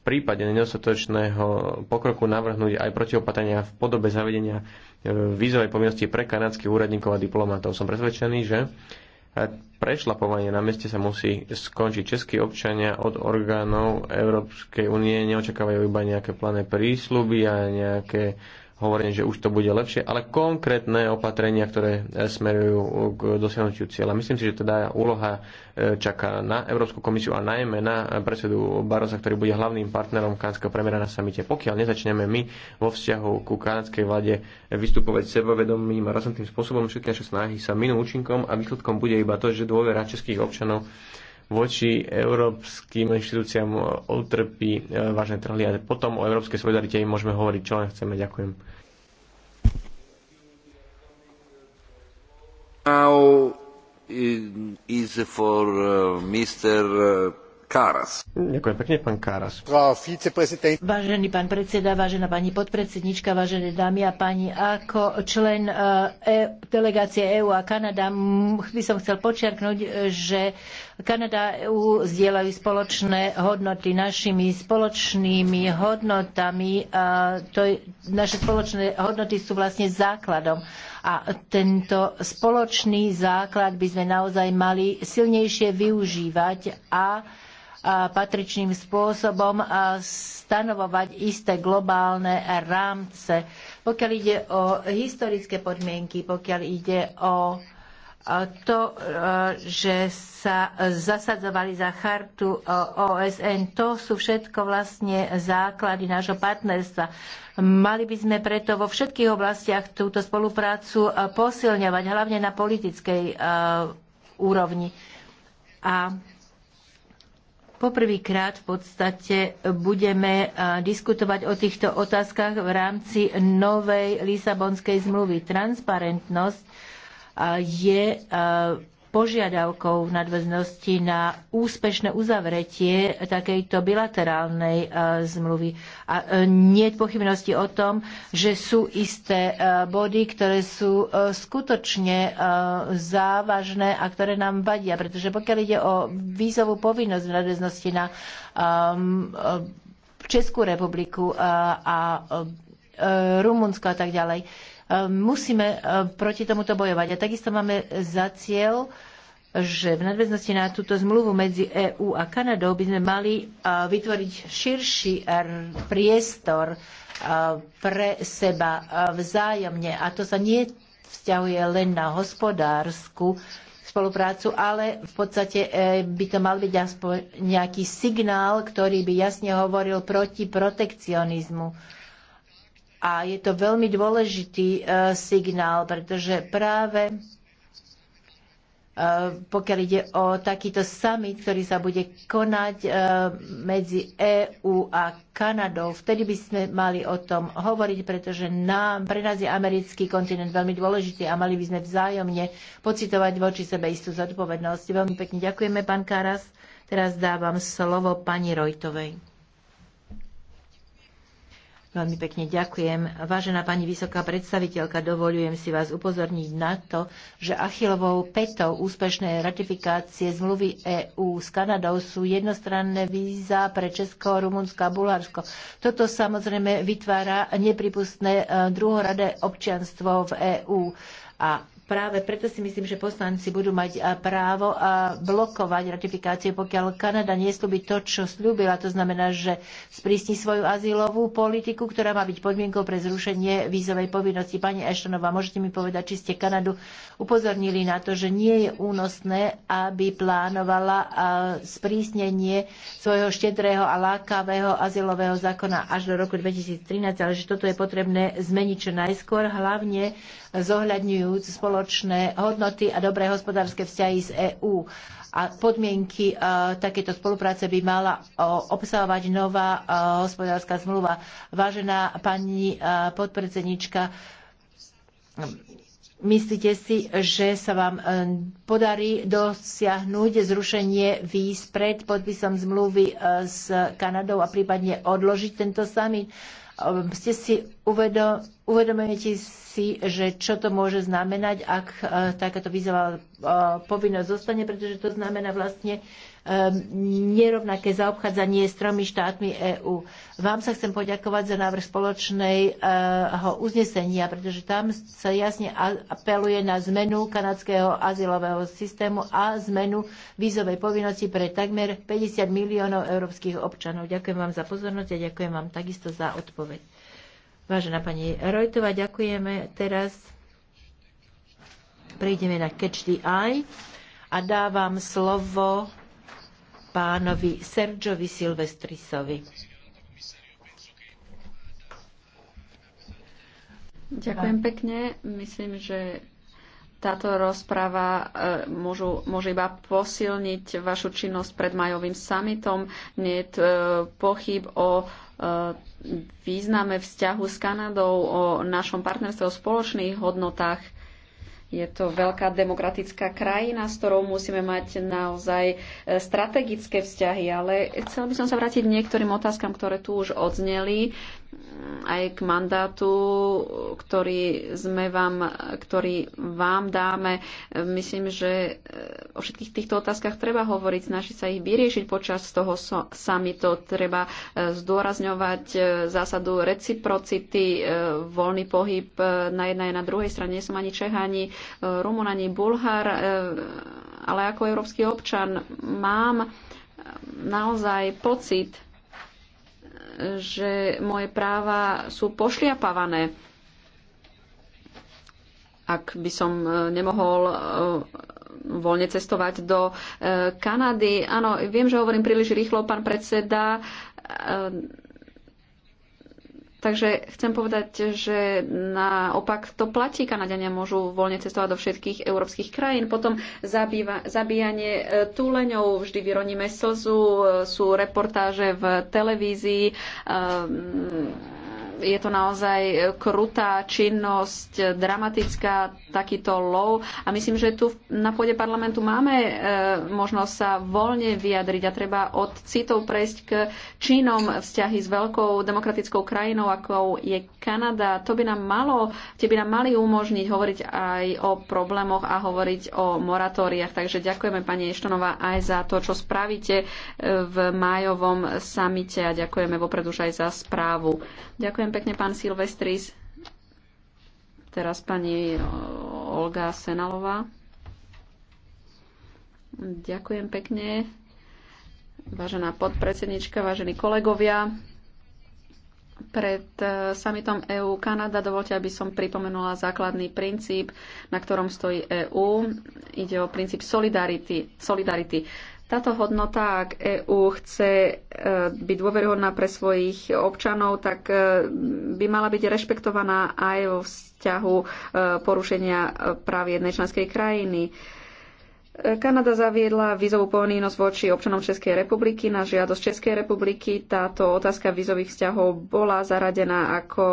prípade nedostatočného pokroku navrhnúť aj protiopatrenia v podobe zavedenia e, vízovej povinnosti pre kanadských úradníkov a diplomatov. Som presvedčený, že prešlapovanie na meste sa musí skončiť. Českí občania od orgánov Európskej únie neočakávajú iba nejaké plané prísľuby a nejaké hovorím, že už to bude lepšie, ale konkrétne opatrenia, ktoré e, smerujú e, k dosiahnutiu cieľa. Myslím si, že teda úloha e, čaká na Európsku komisiu a najmä na predsedu Barosa, ktorý bude hlavným partnerom kanadského premiéra na samite. Pokiaľ nezačneme my vo vzťahu ku kanadskej vláde vystupovať sebavedomým a razantným spôsobom, všetky naše snahy sa minú účinkom a výsledkom bude iba to, že dôvera českých občanov voči európskym inštitúciám utrpí e, vážne trhly a potom o európskej solidarite im môžeme hovoriť, čo len chceme. Ďakujem. Now is for uh, Mr. Karas. Ďakujem pekne, pán Karas. Vážený pán predseda, vážená pani podpredsednička, vážené dámy a páni, ako člen e, e delegácie EÚ a Kanada by som chcel počiarknúť, že Kanada a EÚ zdieľajú spoločné hodnoty našimi spoločnými hodnotami. A to, naše spoločné hodnoty sú vlastne základom a tento spoločný základ by sme naozaj mali silnejšie využívať a patričným spôsobom stanovovať isté globálne rámce. Pokiaľ ide o historické podmienky, pokiaľ ide o to, že sa zasadzovali za chartu OSN, to sú všetko vlastne základy nášho partnerstva. Mali by sme preto vo všetkých oblastiach túto spoluprácu posilňovať, hlavne na politickej úrovni. A poprvýkrát v podstate budeme eh, diskutovať o týchto otázkach v rámci novej Lisabonskej zmluvy. Transparentnosť eh, je eh, požiadavkou v nadväznosti na úspešné uzavretie takejto bilaterálnej e, zmluvy. A e, nie je pochybnosti o tom, že sú isté e, body, ktoré sú skutočne závažné a ktoré nám vadia, pretože pokiaľ ide o vízovú povinnosť v nadväznosti na ehm, Českú republiku a Rumunsko a tak ďalej, Ehm, musíme ehm, proti tomuto bojovať. A takisto máme za cieľ, že v nadväznosti na túto zmluvu medzi EÚ a Kanadou by sme mali ehm, vytvoriť širší priestor pre seba vzájomne. A to sa nie vzťahuje len na hospodárskú spoluprácu, ale v podstate by to mal byť aspoň nejaký signál, ktorý by jasne hovoril proti protekcionizmu a je to veľmi dôležitý e, signál, pretože práve e, pokiaľ ide o takýto summit, ktorý sa bude konať e, medzi EÚ a Kanadou. Vtedy by sme mali o tom hovoriť, pretože nám, pre nás je americký kontinent veľmi dôležitý a mali by sme vzájomne pocitovať voči sebe istú zodpovednosť. Veľmi pekne ďakujeme, pán Karas. Teraz dávam slovo pani Rojtovej. Veľmi pekne ďakujem. Vážená pani vysoká predstaviteľka, dovolujem si vás upozorniť na to, že achilovou petou úspešnej ratifikácie zmluvy EÚ s Kanadou sú jednostranné víza pre Česko, Rumunsko a Bulharsko. Toto samozrejme vytvára nepripustné eh, druhoradé občianstvo v EÚ a práve preto si myslím, že poslanci budú mať eh, právo eh, blokovať ratifikáciu, pokiaľ Kanada nesľubí to, čo slúbila. To znamená, že sprísni svoju azylovú politiku, ktorá má byť podmienkou pre zrušenie vízovej povinnosti. Pani Eštonová, môžete mi povedať, či ste Kanadu upozornili na to, že nie je únosné, aby plánovala eh, sprísnenie svojho štedrého a lákavého azylového zákona až do roku 2013, ale že toto je potrebné zmeniť čo najskôr, hlavne zohľadňujúc spoločné hodnoty a dobré hospodárske vzťahy z EÚ. A podmienky e, takéto spolupráce by mala e, obsahovať nová e, hospodárska zmluva. Vážená pani podpredsednička, Myslíte si, že sa vám podarí dosiahnuť zrušenie výspred podpisom zmluvy s Kanadou a prípadne odložiť tento summit? ste si uvedom, uvedomujete si, že čo to môže znamenať, ak eh, takáto výzva eh, povinnosť zostane, pretože to znamená vlastne, Ehm, nerovnaké zaobchádzanie s tromi štátmi EÚ. Vám sa chcem poďakovať za návrh spoločného uznesenia, pretože tam sa jasne apeluje na zmenu kanadského azylového systému a zmenu vízovej povinnosti pre takmer 50 miliónov európskych občanov. Ďakujem vám za pozornosť a ďakujem vám takisto za odpoveď. Vážená pani Rojtová, ďakujeme. Teraz prejdeme na Catch the Eye a dávam slovo pánovi Sergiovi Silvestrisovi. Ďakujem pekne. Myslím, že táto rozprava e, môžu, môže iba posilniť vašu činnosť pred majovým summitom. Nie je e, pochyb o e, význame vzťahu s Kanadou, o našom partnerstve, o spoločných hodnotách je to veľká demokratická krajina, s ktorou musíme mať naozaj e, strategické vzťahy, ale chcel by som sa vrátiť k niektorým otázkam, ktoré tu už odzneli aj k mandátu, ktorý, sme vám, ktorý vám dáme. Myslím, že e, o všetkých týchto otázkach treba hovoriť, snažiť sa ich vyriešiť počas toho samitu. Treba e, zdôrazňovať e, zásadu reciprocity, voľný pohyb na jednej aj na druhej strane. Nie som ani Čech, ani Rumun, ani Bulhár, ale ako európsky občan mám naozaj pocit, že moje práva sú pošliapavané. Ak by som e, nemohol e, voľne cestovať do e, Kanady. Áno, viem, že hovorím príliš rýchlo, pán predseda Takže chcem povedať, že naopak to platí. Kanadiania môžu voľne cestovať do všetkých európskych krajín. Potom zabíva, zabíjanie e, túleňov, vždy vyroníme slzu, e, sú reportáže v televízii, e, je to naozaj e, krutá činnosť, e, dramatická, takýto lov. A myslím, že tu na pôde parlamentu máme e, možnosť sa voľne vyjadriť a treba od citov prejsť k činom vzťahy s veľkou demokratickou krajinou, ako je Kanada. To by nám malo, tie by nám mali umožniť hovoriť aj o problémoch a hovoriť o moratóriách. Takže ďakujeme pani Eštonová aj za to, čo spravíte v májovom samite a ďakujeme vopred už aj za správu. Ďakujem Ďakujem pekne, pán Silvestris. Teraz pani Olga Senalová. Ďakujem pekne. Vážená podpredsednička, vážení kolegovia, pred e, samitom EU-Kanada dovolte, aby som pripomenula základný princíp, na ktorom stojí EU. Ide o princíp solidarity. solidarity táto hodnota, ak EÚ chce e, byť dôveryhodná pre svojich občanov, tak e, by mala byť rešpektovaná aj vo vzťahu e, porušenia práv jednej členskej krajiny. Kanada zaviedla vízovú povinnosť voči občanom Českej republiky na žiadosť Českej republiky. Táto otázka vízových vzťahov bola zaradená ako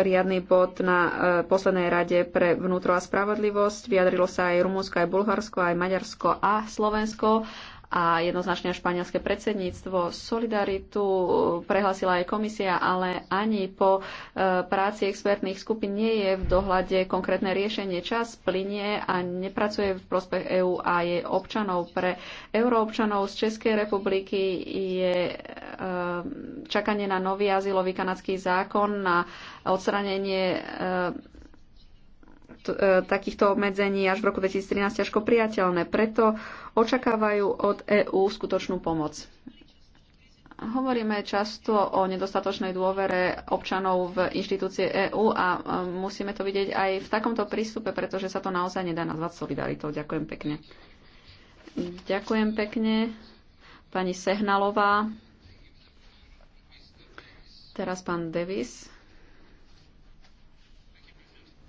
riadny bod na poslednej rade pre vnútro a spravodlivosť. Vyjadrilo sa aj Rumunsko, aj Bulharsko, aj Maďarsko a Slovensko a jednoznačne španielské predsedníctvo. Solidaritu eh, prehlasila aj komisia, ale ani po eh, práci expertných skupín nie je v dohľade konkrétne riešenie. Čas plinie a nepracuje v prospech EÚ a jej občanov. Pre euroobčanov z Českej republiky je eh, čakanie na nový azylový kanadský zákon, na odstranenie E, takýchto obmedzení až v roku 2013 ťažko priateľné. Preto očakávajú od EÚ skutočnú pomoc. Hovoríme často o nedostatočnej dôvere občanov v inštitúcie EÚ a e, musíme to vidieť aj v takomto prístupe, pretože sa to naozaj nedá nazvať solidaritou. Ďakujem pekne. Ďakujem pekne. Pani Sehnalová. Teraz pán Davis.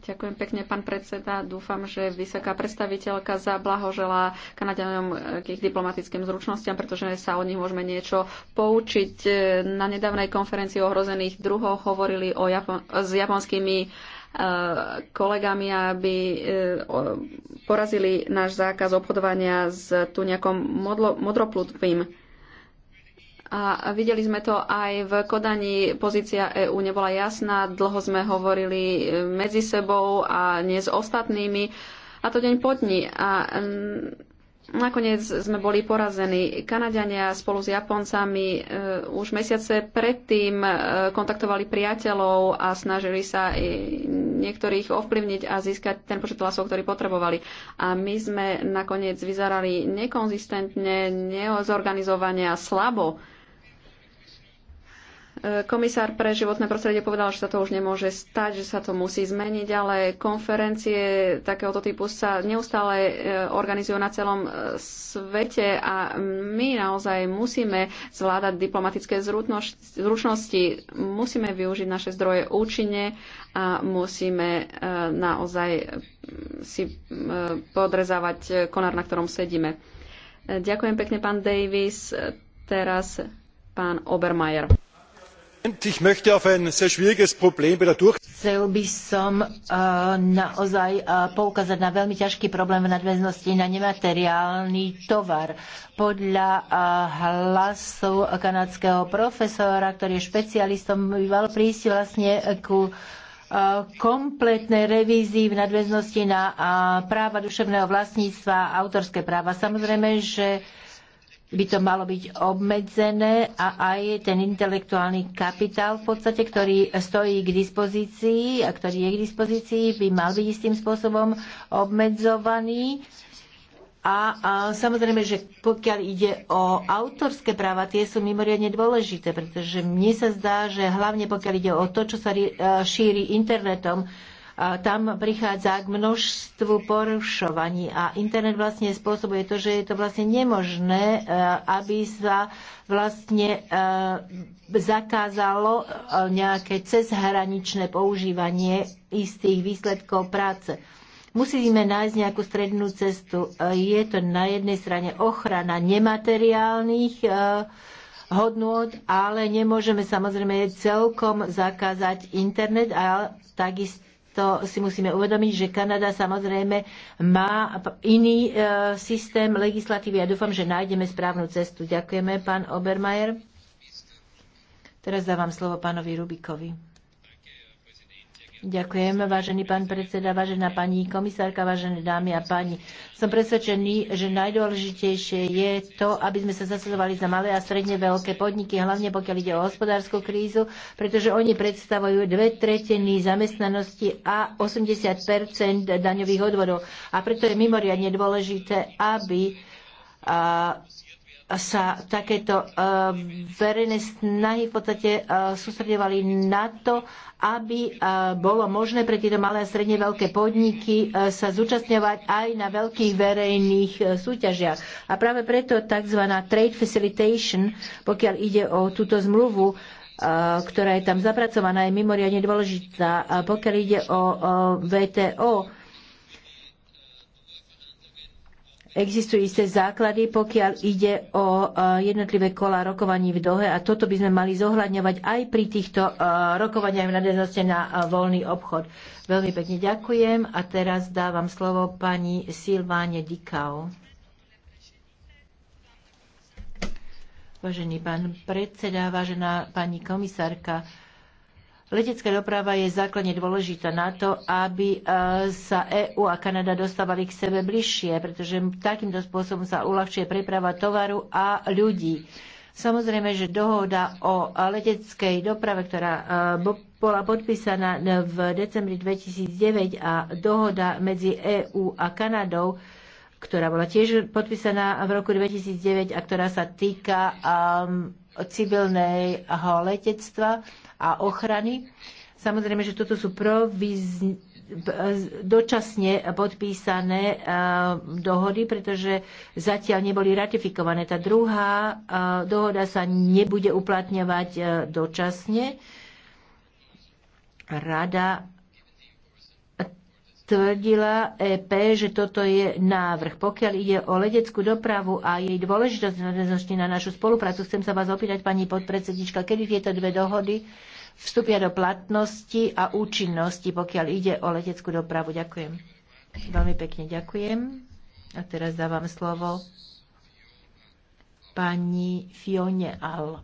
Ďakujem pekne, pán predseda. Dúfam, že vysoká predstaviteľka zablahoželá Kanadianom k ich diplomatickým zručnostiam, pretože sa od nich môžeme niečo poučiť. Na nedávnej konferencii ohrozených druhov hovorili o Japon- s japonskými e, kolegami, aby e, porazili náš zákaz obchodovania s tu nejakom modroplutvým. A videli sme to aj v Kodani, pozícia EÚ nebola jasná, dlho sme hovorili e, medzi sebou a nie s ostatnými, a to deň po dni. A mm, nakoniec sme boli porazení. Kanadiania spolu s Japoncami e, už mesiace predtým e, kontaktovali priateľov a snažili sa niektorých ovplyvniť a získať ten počet hlasov, ktorý potrebovali. A my sme nakoniec vyzerali nekonzistentne, nezorganizovane a slabo Komisár pre životné prostredie povedal, že sa to už nemôže stať, že sa to musí zmeniť, ale konferencie takéhoto typu sa neustále e, organizujú na celom e, svete a my naozaj musíme zvládať diplomatické zručnosti, musíme využiť naše zdroje účinne a musíme e, naozaj mm, si podrezávať konár, na ktorom sedíme. Ďakujem pekne, pán Davis. Teraz pán Obermeier. Chcel by som eh, naozaj eh, poukázať na veľmi ťažký problém v nadväznosti na nemateriálny tovar. Podľa eh, hlasu kanadského profesora, ktorý je špecialistom, by mal prísť vlastne ku kompletnej revízii v nadväznosti na práva duševného vlastníctva a autorské práva. Samozrejme, že by to malo byť obmedzené a aj ten intelektuálny kapitál v podstate, ktorý stojí k dispozícii a ktorý je k dispozícii, by mal byť istým spôsobom obmedzovaný. A, a samozrejme, že pokiaľ ide o autorské práva, tie sú mimoriadne dôležité, pretože mne sa zdá, že hlavne pokiaľ ide o to, čo sa e, šíri internetom, tam prichádza k množstvu porušovaní a internet vlastne spôsobuje to, že je to vlastne nemožné, e, aby sa vlastne e, zakázalo e, nejaké cezhraničné používanie istých výsledkov práce. Musíme nájsť nejakú strednú cestu. Je to na jednej strane ochrana nemateriálnych hodnôt, ale nemôžeme samozrejme celkom zakázať internet a takisto takisto si musíme uvedomiť, že Kanada samozrejme má iný e, systém legislatívy a ja dúfam, že nájdeme správnu cestu. Ďakujeme, pán Obermajer. Teraz dávam slovo pánovi Rubikovi. Ďakujem, vážený pán predseda, vážená pani komisárka, vážené dámy a páni. Som presvedčený, že najdôležitejšie je to, aby sme sa zasadovali za malé a stredne veľké podniky, hlavne pokiaľ ide o hospodárskú krízu, pretože oni predstavujú dve tretiny zamestnanosti a 80 daňových odvodov. A preto je mimoriadne dôležité, aby a, sa takéto e, verejné snahy v podstate e, sústredovali na to, aby e, bolo možné pre tieto malé a stredne veľké podniky sa zúčastňovať aj na veľkých verejných súťažiach. A práve preto tzv. trade facilitation, pokiaľ ide o túto zmluvu, ktorá je tam zapracovaná, je mimoriadne dôležitá. Pokiaľ ide o VTO, existujú isté základy, pokiaľ ide o e, jednotlivé kola rokovaní v Dohe a toto by sme mali zohľadňovať aj pri týchto e, rokovaniach v nadväznosti na e, voľný obchod. Veľmi pekne ďakujem a teraz dávam slovo pani Silváne Dikau. Vážený pán predseda, vážená pani komisárka, Letecká doprava je základne dôležitá na to, aby e, sa EÚ a Kanada dostávali k sebe bližšie, pretože takýmto spôsobom sa uľahčuje preprava tovaru a ľudí. Samozrejme, že dohoda o leteckej doprave, ktorá e, bola podpísaná v decembri 2009 a dohoda medzi EÚ a Kanadou, ktorá bola tiež podpísaná v roku 2009 a ktorá sa týka um, civilného letectva, a ochrany. Samozrejme, že toto sú provizní dočasne podpísané eh, dohody, pretože zatiaľ neboli ratifikované. Tá druhá eh, dohoda sa nebude uplatňovať eh, dočasne. Rada tvrdila EP, že toto je návrh. Pokiaľ ide o leteckú dopravu a jej dôležitosť na našu spoluprácu, chcem sa vás opýtať, pani podpredsednička, kedy tieto dve dohody vstúpia do platnosti a účinnosti, pokiaľ ide o leteckú dopravu. Ďakujem. Veľmi pekne ďakujem. A teraz dávam slovo pani Fione Al.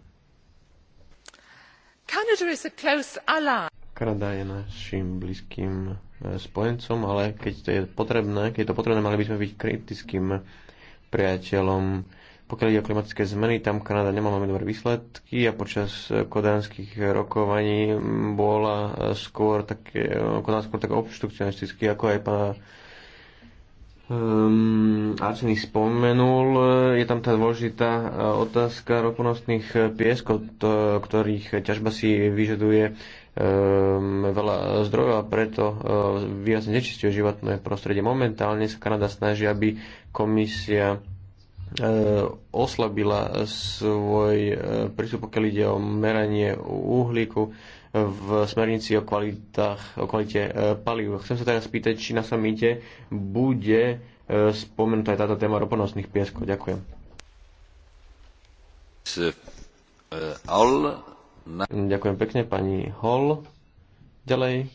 Kanada je našim blízkym spojencom, ale keď to je potrebné, keď je to potrebné, mali by sme byť kritickým priateľom. Pokiaľ ide o klimatické zmeny, tam Kanada nemala veľmi dobré výsledky a počas kodánskych rokovaní bola skôr tak, Kodán skôr tak obštrukcionistický, ako aj pán um, ehm, Arsený spomenul. Je tam tá dôležitá otázka roponostných pieskov, ktorých ťažba si vyžaduje Ehm, veľa zdrojov a preto ehm, viac nečistuje životné prostredie. Momentálne sa Kanada snaží, aby komisia ehm, oslabila svoj prístup, pokiaľ ide o meranie uhlíku v smernici o, kvalitách, o kvalite palív. Chcem sa teraz spýtať, či na samite bude spomenutá aj táto téma roponosných pieskov. Ďakujem. All na... Ďakujem pekne pani Hall. Ďalej e,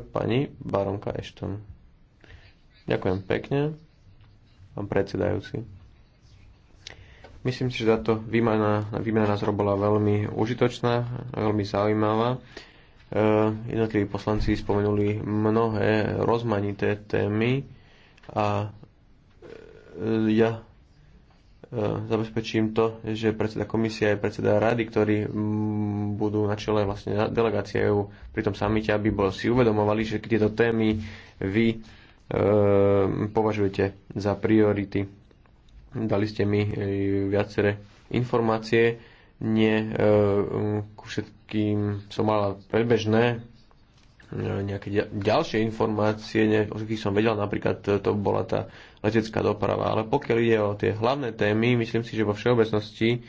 pani baronka Ashton. Ďakujem pekne, pán predsedajúci. Myslím si, že táto výmena, výmena názorov bola veľmi užitočná, veľmi zaujímavá. E, jednotliví poslanci spomenuli mnohé rozmanité témy a e, ja E, zabezpečím to, že predseda komisie aj predseda rady, ktorí budú na čele vlastne delegácie EU pri tom samite, aby bol, si uvedomovali, že tieto témy vy e, považujete za priority. Dali ste mi e, viaceré informácie, nie e, ku všetkým som mal predbežné e, nejaké ďalšie informácie, ne, o ktorých som vedel, napríklad to bola tá letecká doprava. Ale pokiaľ ide o tie hlavné témy, myslím si, že vo všeobecnosti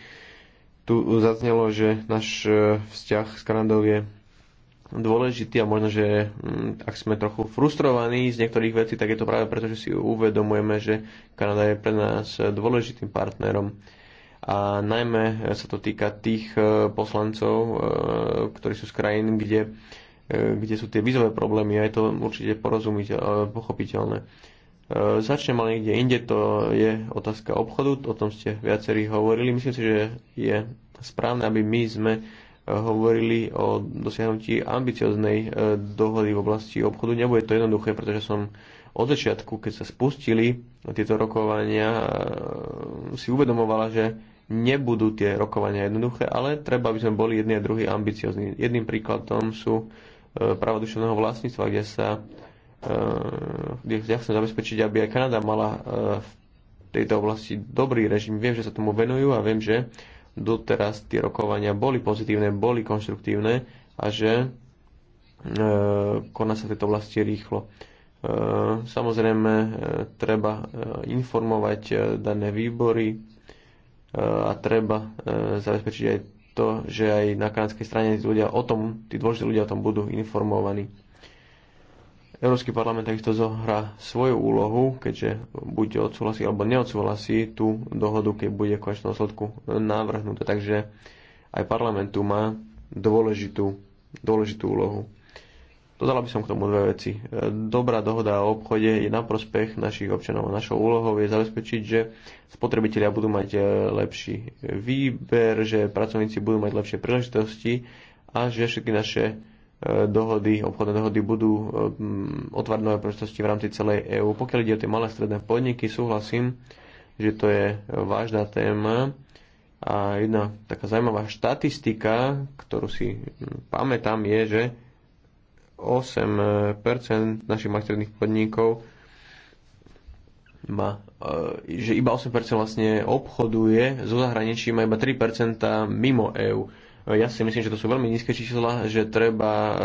tu zaznelo, že náš e, vzťah s Kanadou je dôležitý a možno, že mm, ak sme trochu frustrovaní z niektorých vecí, tak je to práve preto, že si uvedomujeme, že Kanada je pre nás dôležitým partnerom. A najmä e, sa to týka tých e, poslancov, ktorí sú z krajín, kde, kde sú tie vízové problémy a je to určite porozumiteľ, pochopiteľné. E, začnem ale niekde inde, to je otázka obchodu, o tom ste viacerí hovorili. Myslím si, že je správne, aby my sme e, hovorili o dosiahnutí ambicioznej e, dohody v oblasti obchodu. Nebude to jednoduché, pretože som od začiatku, keď sa spustili tieto rokovania, si uvedomovala, že nebudú tie rokovania jednoduché, ale treba, aby sme boli jedni a druhý ambiciozni. Jedným príkladom sú práva duševného vlastníctva, kde sa ja eh, chcem zabezpečiť, aby aj Kanada mala eh, v tejto oblasti dobrý režim. Viem, že sa tomu venujú a viem, že doteraz tie rokovania boli pozitívne, boli konštruktívne a že eh, koná sa v tejto oblasti rýchlo. Samozrejme, treba informovať dané výbory a treba zabezpečiť aj to, že aj na kanadskej strane ľudia o tom, tí dôležití ľudia o tom budú informovaní. Európsky parlament takisto zohrá svoju úlohu, keďže buď odsúhlasí alebo neodsúhlasí tú dohodu, keď bude v konečnom sledku navrhnuté. Takže aj parlament tu má dôležitú, dôležitú úlohu. Dodala by som k tomu dve veci. Dobrá dohoda o obchode je na prospech našich občanov. Našou úlohou je zabezpečiť, že spotrebitelia budú mať e, lepší výber, že pracovníci budú mať lepšie príležitosti a že všetky naše E, dohody, obchodné dohody budú e, mm, otvárať nové príležitosti v rámci celej EÚ. Pokiaľ ide o tie malé stredné podniky, súhlasím, že to je vážna téma. A jedna taká zaujímavá štatistika, ktorú si mm, pamätám, je, že 8% e, našich malých stredných podnikov má, že iba 8% vlastne obchoduje so zahraničím a iba 3% mimo EÚ ja si myslím, že to sú veľmi nízke čísla, že treba eh,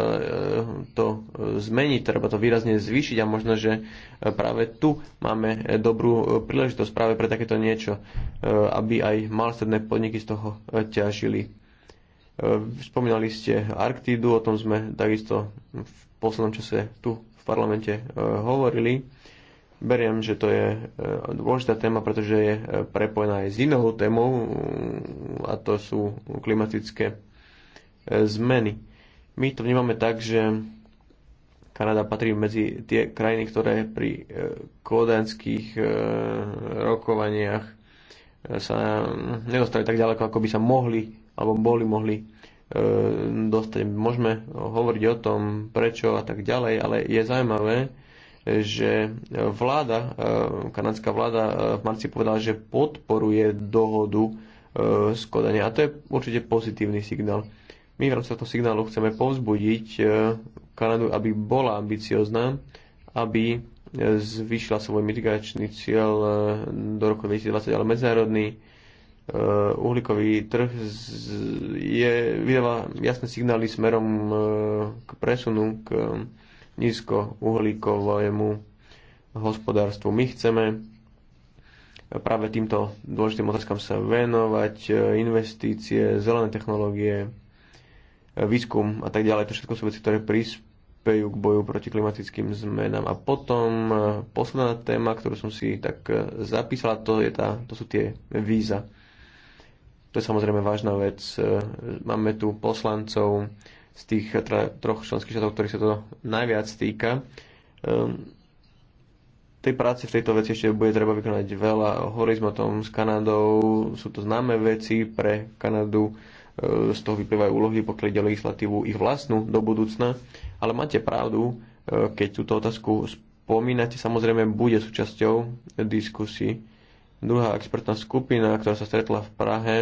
to eh, zmeniť, treba to výrazne zvýšiť a možno, že eh, práve tu máme dobrú príležitosť práve pre takéto niečo, aby aj malostredné podniky z toho ťažili. Spomínali ste Arktídu, o tom sme takisto v poslednom čase tu v parlamente hovorili beriem, že to je e, dôležitá téma, pretože je e, prepojená aj s inou témou mm, a to sú klimatické e, zmeny. My to vnímame tak, že Kanada patrí medzi tie krajiny, ktoré pri kodanských rokovaniach sa nedostali tak ďaleko, ako by sa mohli alebo boli mohli dostať. Môžeme hovoriť o tom, prečo a tak ďalej, ale je zaujímavé, že vláda, e, kanadská vláda e, v marci povedala, že podporuje dohodu e, z Kodania. A to je určite pozitívny signál. My v rámci tohto signálu chceme povzbudiť Kanadu, aby bola ambiciozná, aby zvýšila svoj mitigačný cieľ do roku 2020, ale medzinárodný uhlíkový trh je, vydáva jasné signály smerom k presunu, k nízkouhlíkovému hospodárstvu. My chceme práve týmto dôležitým otázkam sa venovať, e, investície, zelené technológie, e, výskum a tak ďalej. To všetko sú veci, ktoré prispejú k boju proti klimatickým zmenám. A potom e, posledná téma, ktorú som si tak zapísala, to, je tá, to sú tie víza. To je samozrejme vážna vec. Máme tu poslancov z tých tra, teda, troch členských štátov, ktorých sa to najviac týka. Um, tej práce v tejto veci ešte bude treba vykonať veľa. Hovorili sme o tom s Kanadou, sú to známe veci pre Kanadu, ehm, z toho vyplývajú úlohy, pokiaľ ide legislatívu ich vlastnú do budúcna. Ale máte pravdu, ehm, keď túto otázku spomínate, samozrejme bude súčasťou diskusí. Druhá expertná skupina, ktorá sa stretla v Prahe,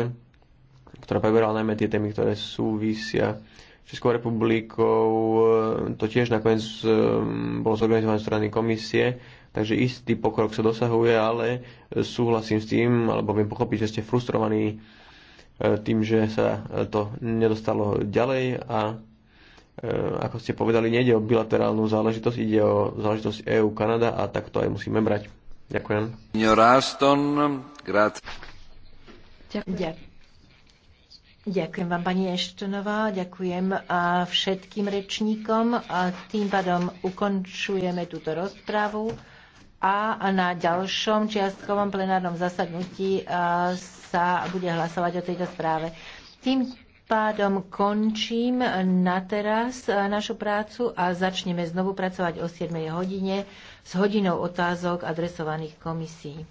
ktorá preberala najmä tie témy, ktoré súvisia Českou republikou e, to tiež nakoniec e, bolo zorganizované strany komisie, takže istý pokrok sa dosahuje, ale súhlasím s tým, alebo viem pochopiť, že ste frustrovaní e, tým, že sa to nedostalo ďalej a ako ste povedali, nejde o bilaterálnu záležitosť, ide o záležitosť EU-Kanada a tak to aj musíme brať. Ďakujem. Ďakujem. Ďakujem vám, pani Eštonová, ďakujem a všetkým rečníkom. A tým pádom ukončujeme túto rozpravu a na ďalšom čiastkovom plenárnom zasadnutí sa bude hlasovať o tejto správe. Tým pádom končím na teraz našu prácu a začneme znovu pracovať o 7 hodine s hodinou otázok adresovaných komisí.